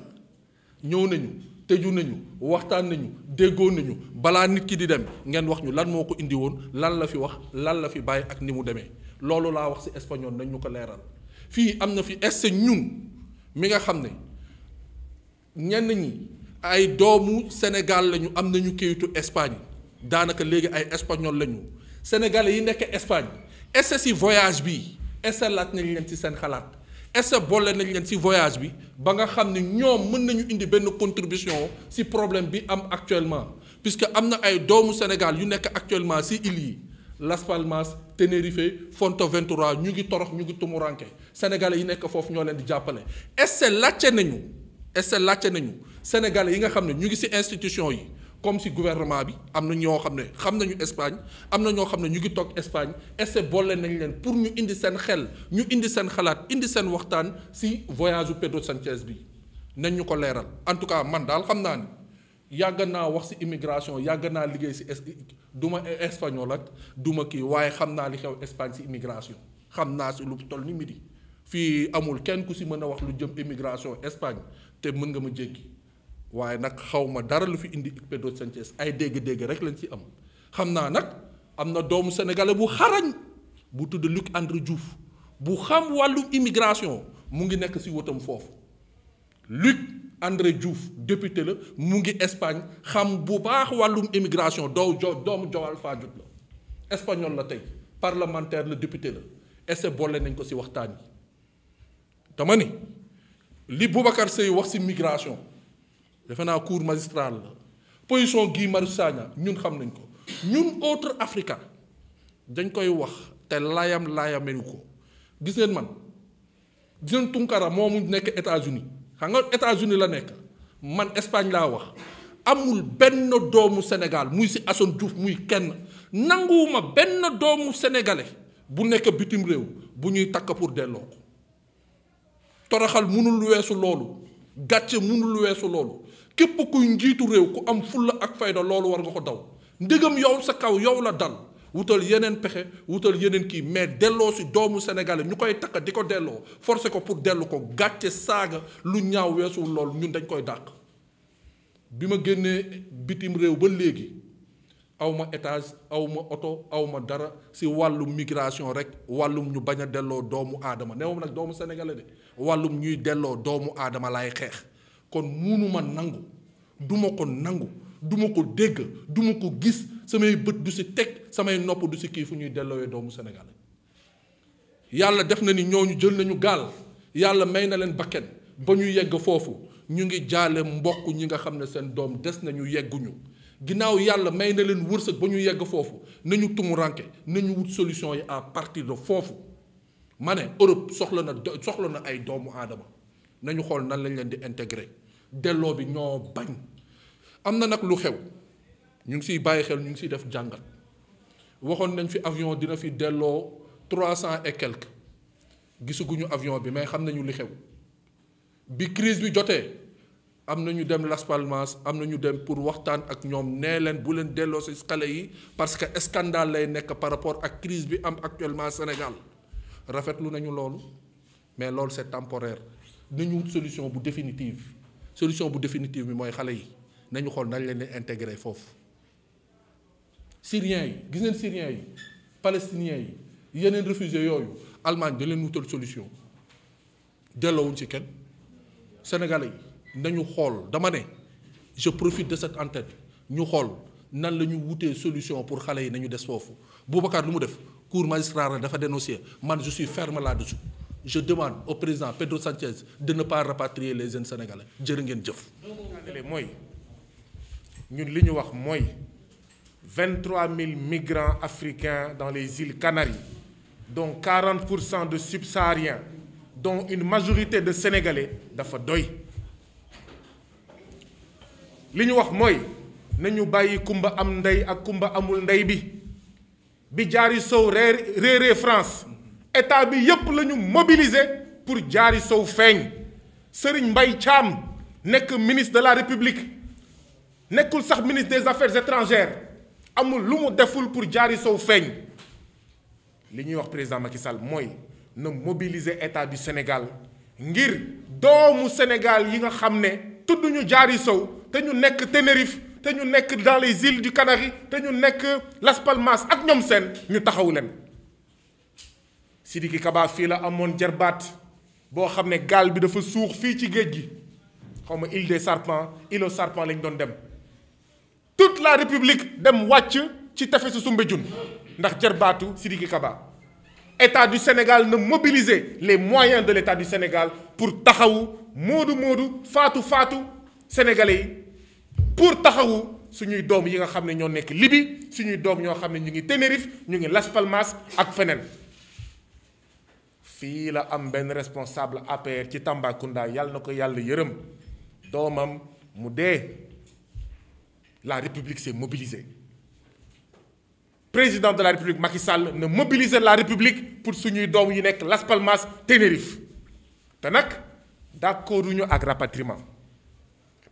ñëw nañu tëju nañu waxtaan nañu déggoo nañu balaa nit ki di dem ngeen wax ñu lan moo ko indi woon lan la fi wax lan la fi bàyyi ak ni mu demee loolu laa wax ci espagnol nañu ñu ko leeral fii am na fi est ñun mi nga xam ne. ñenn ñi ay doomu Sénégal lañu am nañu kayitu Espagne daanaka léegi ay espagnol lañu sénégalais yi nekk Espagne est-ce voyage bi est-ce laaj nañ leen ci seen xalaat est boole nañ leen ci voyage bi ba nga xam ne ñoom mën nañu indi benn contribution ci problème bi am actuellement puisque am na ay doomu Sénégal yu nekk actuellement ci îles yi Las Palmas Tenerife Fuerteventura ñu ngi torox ñu ngi tumuranke sénégalais yi nekk foofu ñoo leen di jàppale est-ce laajte est laajte nañu sénégalais yi nga xam ne ñu ngi ci institution yi comme ci gouvernement bi am na ñoo xam ne xam nañu Espagne am na ñoo xam ne ñu ngi toog Espagne est boole nañu leen pour ñu indi seen xel ñu indi seen xalaat indi seen waxtaan ci voyage Pedro Sánchez bi nañ ñu ko leeral en tout cas man daal xam naa ni yàgg naa wax ci immigration yàgg naa liggéey ci duma espagnol ak duma kii waaye xam naa li xew Espagne ci immigration xam naa si lu toll ni midi fii amul kenn ku ci mën a wax lu jëm immigration Espagne te mën nga ma jéggi waaye nag xaw ma dara lu fi indi Pedro Sanchez ay dégg-dégg rek lañ ci am xam naa nag am na doomu sénégalais bu xarañ bu tudd Luc André Diouf bu xam wàllu immigration mu ngi nekk ci wotam foofu Luc André jouf député la mu ngi Espagne xam bu baax wàllum immigration doo jo doomu Joal Fadiouth la espagnol la tey parlementaire la député la ese boole nañ ko ci waxtaan yi dama ni li Boubacar Seye wax ci migration defe naa cour magistral la position Guy Marius ñun xam nañ ko ñun autre africa dañ koy wax te layam layamewu ko gis ngeen man gis ngeen Tunkara u nekk États-Unis xam nga États-Unis la nekk man Espagne laa wax amul benn doomu Sénégal muy ci Assane Diouf muy kenn nanguwuma benn doomu sénégalais bu nekk bitim réew bu ñuy takk pour delloo ko toroxal mënul weesu loolu gàcce munul weesu loolu képp kuy njiitu réew ku am fulla ak fayda loolu war nga ko daw ndegam yow sa kaw yow la dal wutal yeneen pexe wutal yeneen kii mais delloo si doomu sénégalais ñu koy takk di ko delloo forcé ko pour dellu ko gàcce saaga lu ñaaw weesu loolu ñun dañ koy dàq bi ma génnee bitim réew ba léegi aw ma étage aw ma oto aw ma dara si wàllum migration rek wàllum ñu bañ a delloo doomu aadama neewam nag doomu sénégalais wàllum ñuy delloo doomu aadama laay xeex kon munuma nangu duma ko nangu duma ko dégg duma ko gis samay bët du si teg samay nopp du si kii fu ñuy delloowee doomu Sénégal yàlla def na ni ñooñu jël nañu gaal yàlla may na leen bakken ba ñu yegg foofu ñu ngi jaale mbokk ñi nga xam ne seen doom des nañu yegguñu ginnaaw yàlla may na leen wërsëg ba ñu yegg foofu nañu na ñu wut solution yi à partir de foofu ma ne Europe soxla na soxla na ay doomu aadama nañu xool nan lañ leen di intégré delloo bi ñoo bañ am na nag lu xew ñu ngi siy bàyyi xel ñu ngi siy def jàngat waxoon nañ fi avion dina fi delloo trois cent et quelques gisuguñu avion bi mais xam nañu lu xew bi crise bi jotee am na ñu dem Las am na ñu dem pour waxtaan ak ñoom nee leen bu leen delloo si xale yi parce que scandale lay nekk par rapport ak crise bi am actuellement Sénégal rafetlu nañu loolu mais loolu c'est temporaire nañu wut solution bu définitive solution bu définitive bi mooy xale yi nañu xool nañ leen di intégrer foofu syriens yi gis ngeen syriens yi palestiniens yeneen réfugiés yooyu Allemagne da leen wutal solution delloowuñ ci kenn sénégalais yi nañu xool dama ne je profit de cette antenne ñu xool nan la ñu wutee solution pour xale yi nañu des foofu Boubacar lu mu def cour magistrale dafa dénoncé man je suis ferme là-dessus je demande au président Pedro Sanchez de ne rapatrier les jeunes sénégalais jërë ngeen jëf. mooy ñun li ñu wax mooy 23000 migrants africains dans les îles Canaries donc 40 pour cent de subsahariens donc une majorité de sénégalais dafa doy. li ñu wax mooy nañu bàyyi kumba am ndey ak kumba amul ndey bi. bi Diary Sow reer réeree France état bi yépp la ñu mobiliser pour jaari Sow feeñ Serigne mbay Thiam nekk ministre de la République nekkul sax ministre des affaires étrangères amul lu mu deful pour jaari Sow feeñ li ñuy wax président Macky Sall mooy na mobiliser état du Sénégal ngir doomu Sénégal yi nga xam ne tudd ñu jaari Sow te ñu nekk Tenerife te ñu nekk dans les îles du Canari te ñu nekk Las Palmas ak ñoom seen ñu taxaw leen Sidiki Kaba fii la amoon jarbaat boo xam ne gaal bi dafa suux fii ci géej gi xaw ma île des serpents île serpent lañ doon dem toute la république dem wàcc ci tefesu Soumbédioune ndax jarbaatu Sidiki Kaba état du Sénégal na mobiliser les moyens de l'état du Sénégal pour taxawu moodu moodu faatu faatu sénégalais yi pour taxawu suñuy doom yi nga xam ne ñoo nekk Libye suñuy doom ñoo xam ne ñu ngi Tenerife ñu ngi Las Palmas ak feneen fii la am benn responsable APR ci Tambacounda yàlla na ko yàlla yërëm doomam mu dee la République s'est mobilisée président de la République Macky Sall na mobiliser la République pour suñuy doom yu nekk Las Palmas Tenerife te nag d'accorduñu ak rapatriement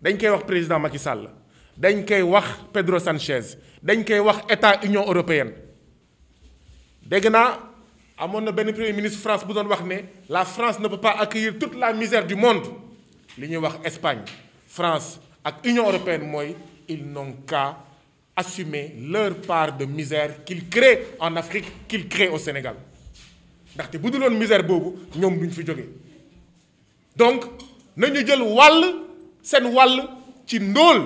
dañ koy wax président Macky Sall dañ koy wax Pedro Sanchez dañ koy wax état Union européenne dégg naa amoon na benn premier ministre France bu doon wax ne la France ne peut pas toute la misère du monde li ñuy wax Espagne France ak Union européenne mooy ils n'ont qu'à assumer leur part de misère qu'ils créent en Afrique qu'ils créent au Sénégal ndaxte bu duloon misère boobu ñoom duñ fi jógee donc nañu jël wàll. seen wàll ci ndóol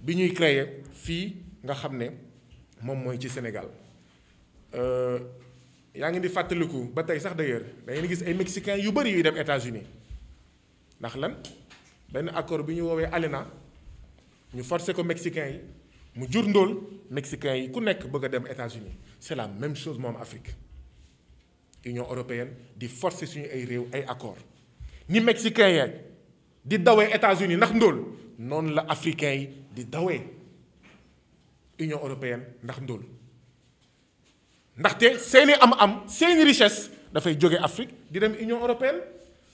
bi ñuy créer fii nga xam ne moom mooy ci Sénégal euh, yaa ngi di fàttaliku ba tey sax d'ailleurs da ngeen gis ay mexicains yu bëri yuy dem États-Unis ndax lan benn accord bi ñu woowee ALENA ñu forcé ko mexicains yi mu jur ndóol mexicains yi ku nekk bëgg a dem États-Unis c'est la même chose moom Afrique Union européenne di forcer suñu ay réew ay accord ni mexicains yeeg di dawee États-Unis ndax ndóol noonu la africain yi di dawee Union européenne ndax ndóol ndaxte seeni am-am seeni richesse dafay jóge Afrique di dem Union européenne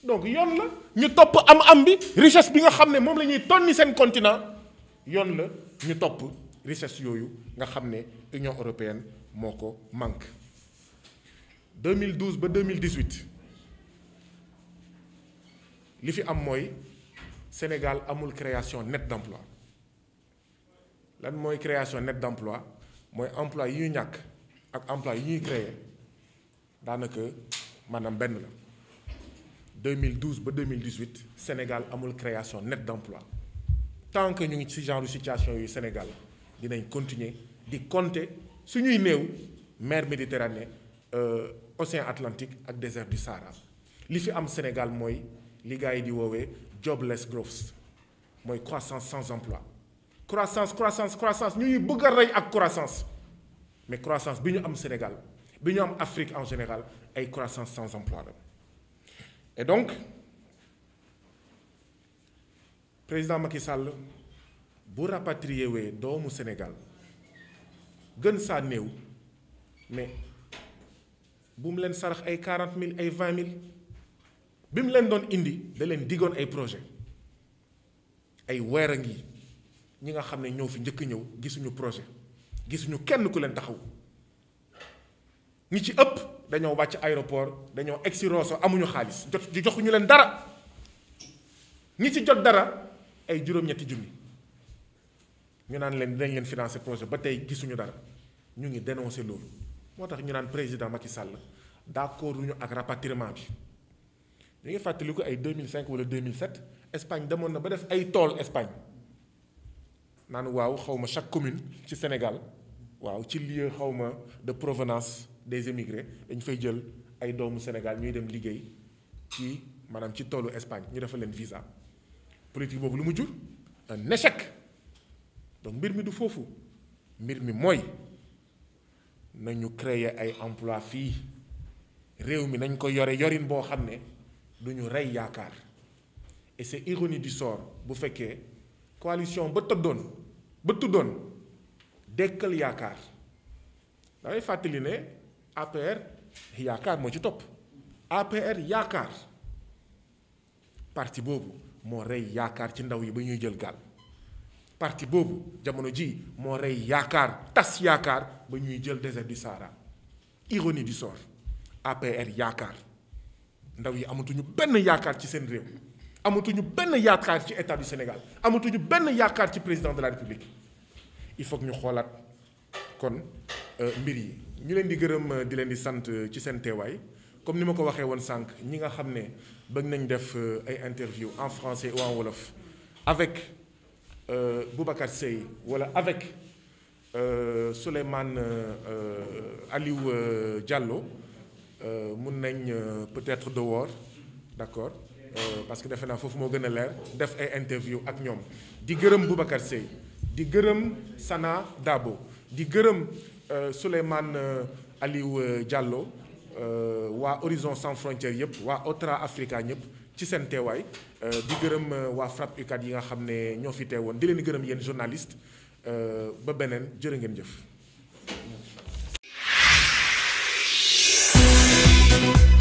donc yoon la ñu topp am-am bi richesse bi nga xam ne moom la ñuy tonni seen continent yoon la ñu topp richesse yooyu nga xam ne Union européenne moo ko manque 2012 ba 2018 li fi am mooy. Sénégal amul création nette d'emploi lan mooy création nette d'emploi mooy emploi yu ñu ñàkk ak emploi yu ñuy créer daanaka maanaam benn la 2012 ba 2018 Sénégal amul création net d'emploi tant que ñu ngi ci genre situation yuy Sénégal dinañ continuer di compter suñuy néew mer Méditerranée euh, océan Atlantique ak désert du Sahara li fi am Sénégal mooy li yi di woowee jobless growth mooy croissance sans emploi croissance croissance croissance ñu ñuy bëgg a rey ak croissance mais croissance bi ñu am Sénégal bi ñu am Afrique en général ay croissance sans emploi la et donc président Macky Sall bu rapatrié wee doomu Sénégal gën saa néew mais bu mu leen sarax ay 40 000 ay 20 000. bi mu leen doon indi da diggoon ay projet ay weer a ngi ñi nga xam ne ñëw fi njëkk ñëw gisuñu projet gisuñu kenn ku leen taxaw ñi ci ëpp dañoo wàcc aéroport dañoo egsi Rosso amuñu xaalis jot di joxuñu leen dara ñi ci jot dara ay juróom-ñetti junni ñu naan leen dinañ leen financer projet ba tey gisuñu dara ñu ngi dénoncer loolu moo tax ñu naan président Macky Sall d'accorduñu ak rapatriement bi da ngay fàttaliku ay 2005 wala 2007 Espagne demoon na ba def ay tool Espagne naan waaw xaw ma chaque commune ci Sénégal waaw ci lieu xaw ma de provenance des émigrés dañ fay jël ay doomu Sénégal ñuy dem liggéey ci maanaam ci toolu Espagne ñu defal leen visa politique boobu lu mu jur un échec donc mbir mi du foofu mbir mi mooy nañu créer ay emploi fii réew mi nañ ko yore yorin boo xam ne. du ñu rey yaakaar et c'est ironie du sort bu fekkee coalition ba tëddoon ba tuddoon dekkal yaakaar damay fàttali ne APR yaakaar moo ci topp APR yaakaar parti boobu moo rey yaakaar ci ndaw yi ba ñuy jël gaal parti boobu jamono ji moo rey yaakaar tas yaakaar ba ñuy jël désert du Sahara ironie di sort APR yaakaar ndaw yi amatuñu benn yaakaar ci seen réew amatuñu benn yaakaar ci état du Sénégal amatuñu benn yaakaar ci président de la république il faut ñu xoolaat kon euh, mbir yi ñu leen di gërëm euh, di leen di sant euh, ci seen teewaay comme ni ma ko waxee woon sànq ñi nga xam ne bëgg nañ def ay interview en français ou wolof avec euh, Boubacar wala voilà, avec euh, Souleymane euh, Aliou Diallo Euh, mun nañ euh, peut-être de woor d'accord euh, parce que defe naa foofu moo gën a leer def ay interview ak ñoom di gërëm Boubacar Seye di gërëm Sana Dabo di gërëm Souleymane Aliou Diallo waa Horizon Sans Frontières yëpp waa Otra Africa ñëpp ci seen teewaay di gërëm waa FRAPP UCAD yi nga xam ne ñoo fi teewoon di leen gërëm yéen journaliste ba beneen jërë ngeen jëf Thank you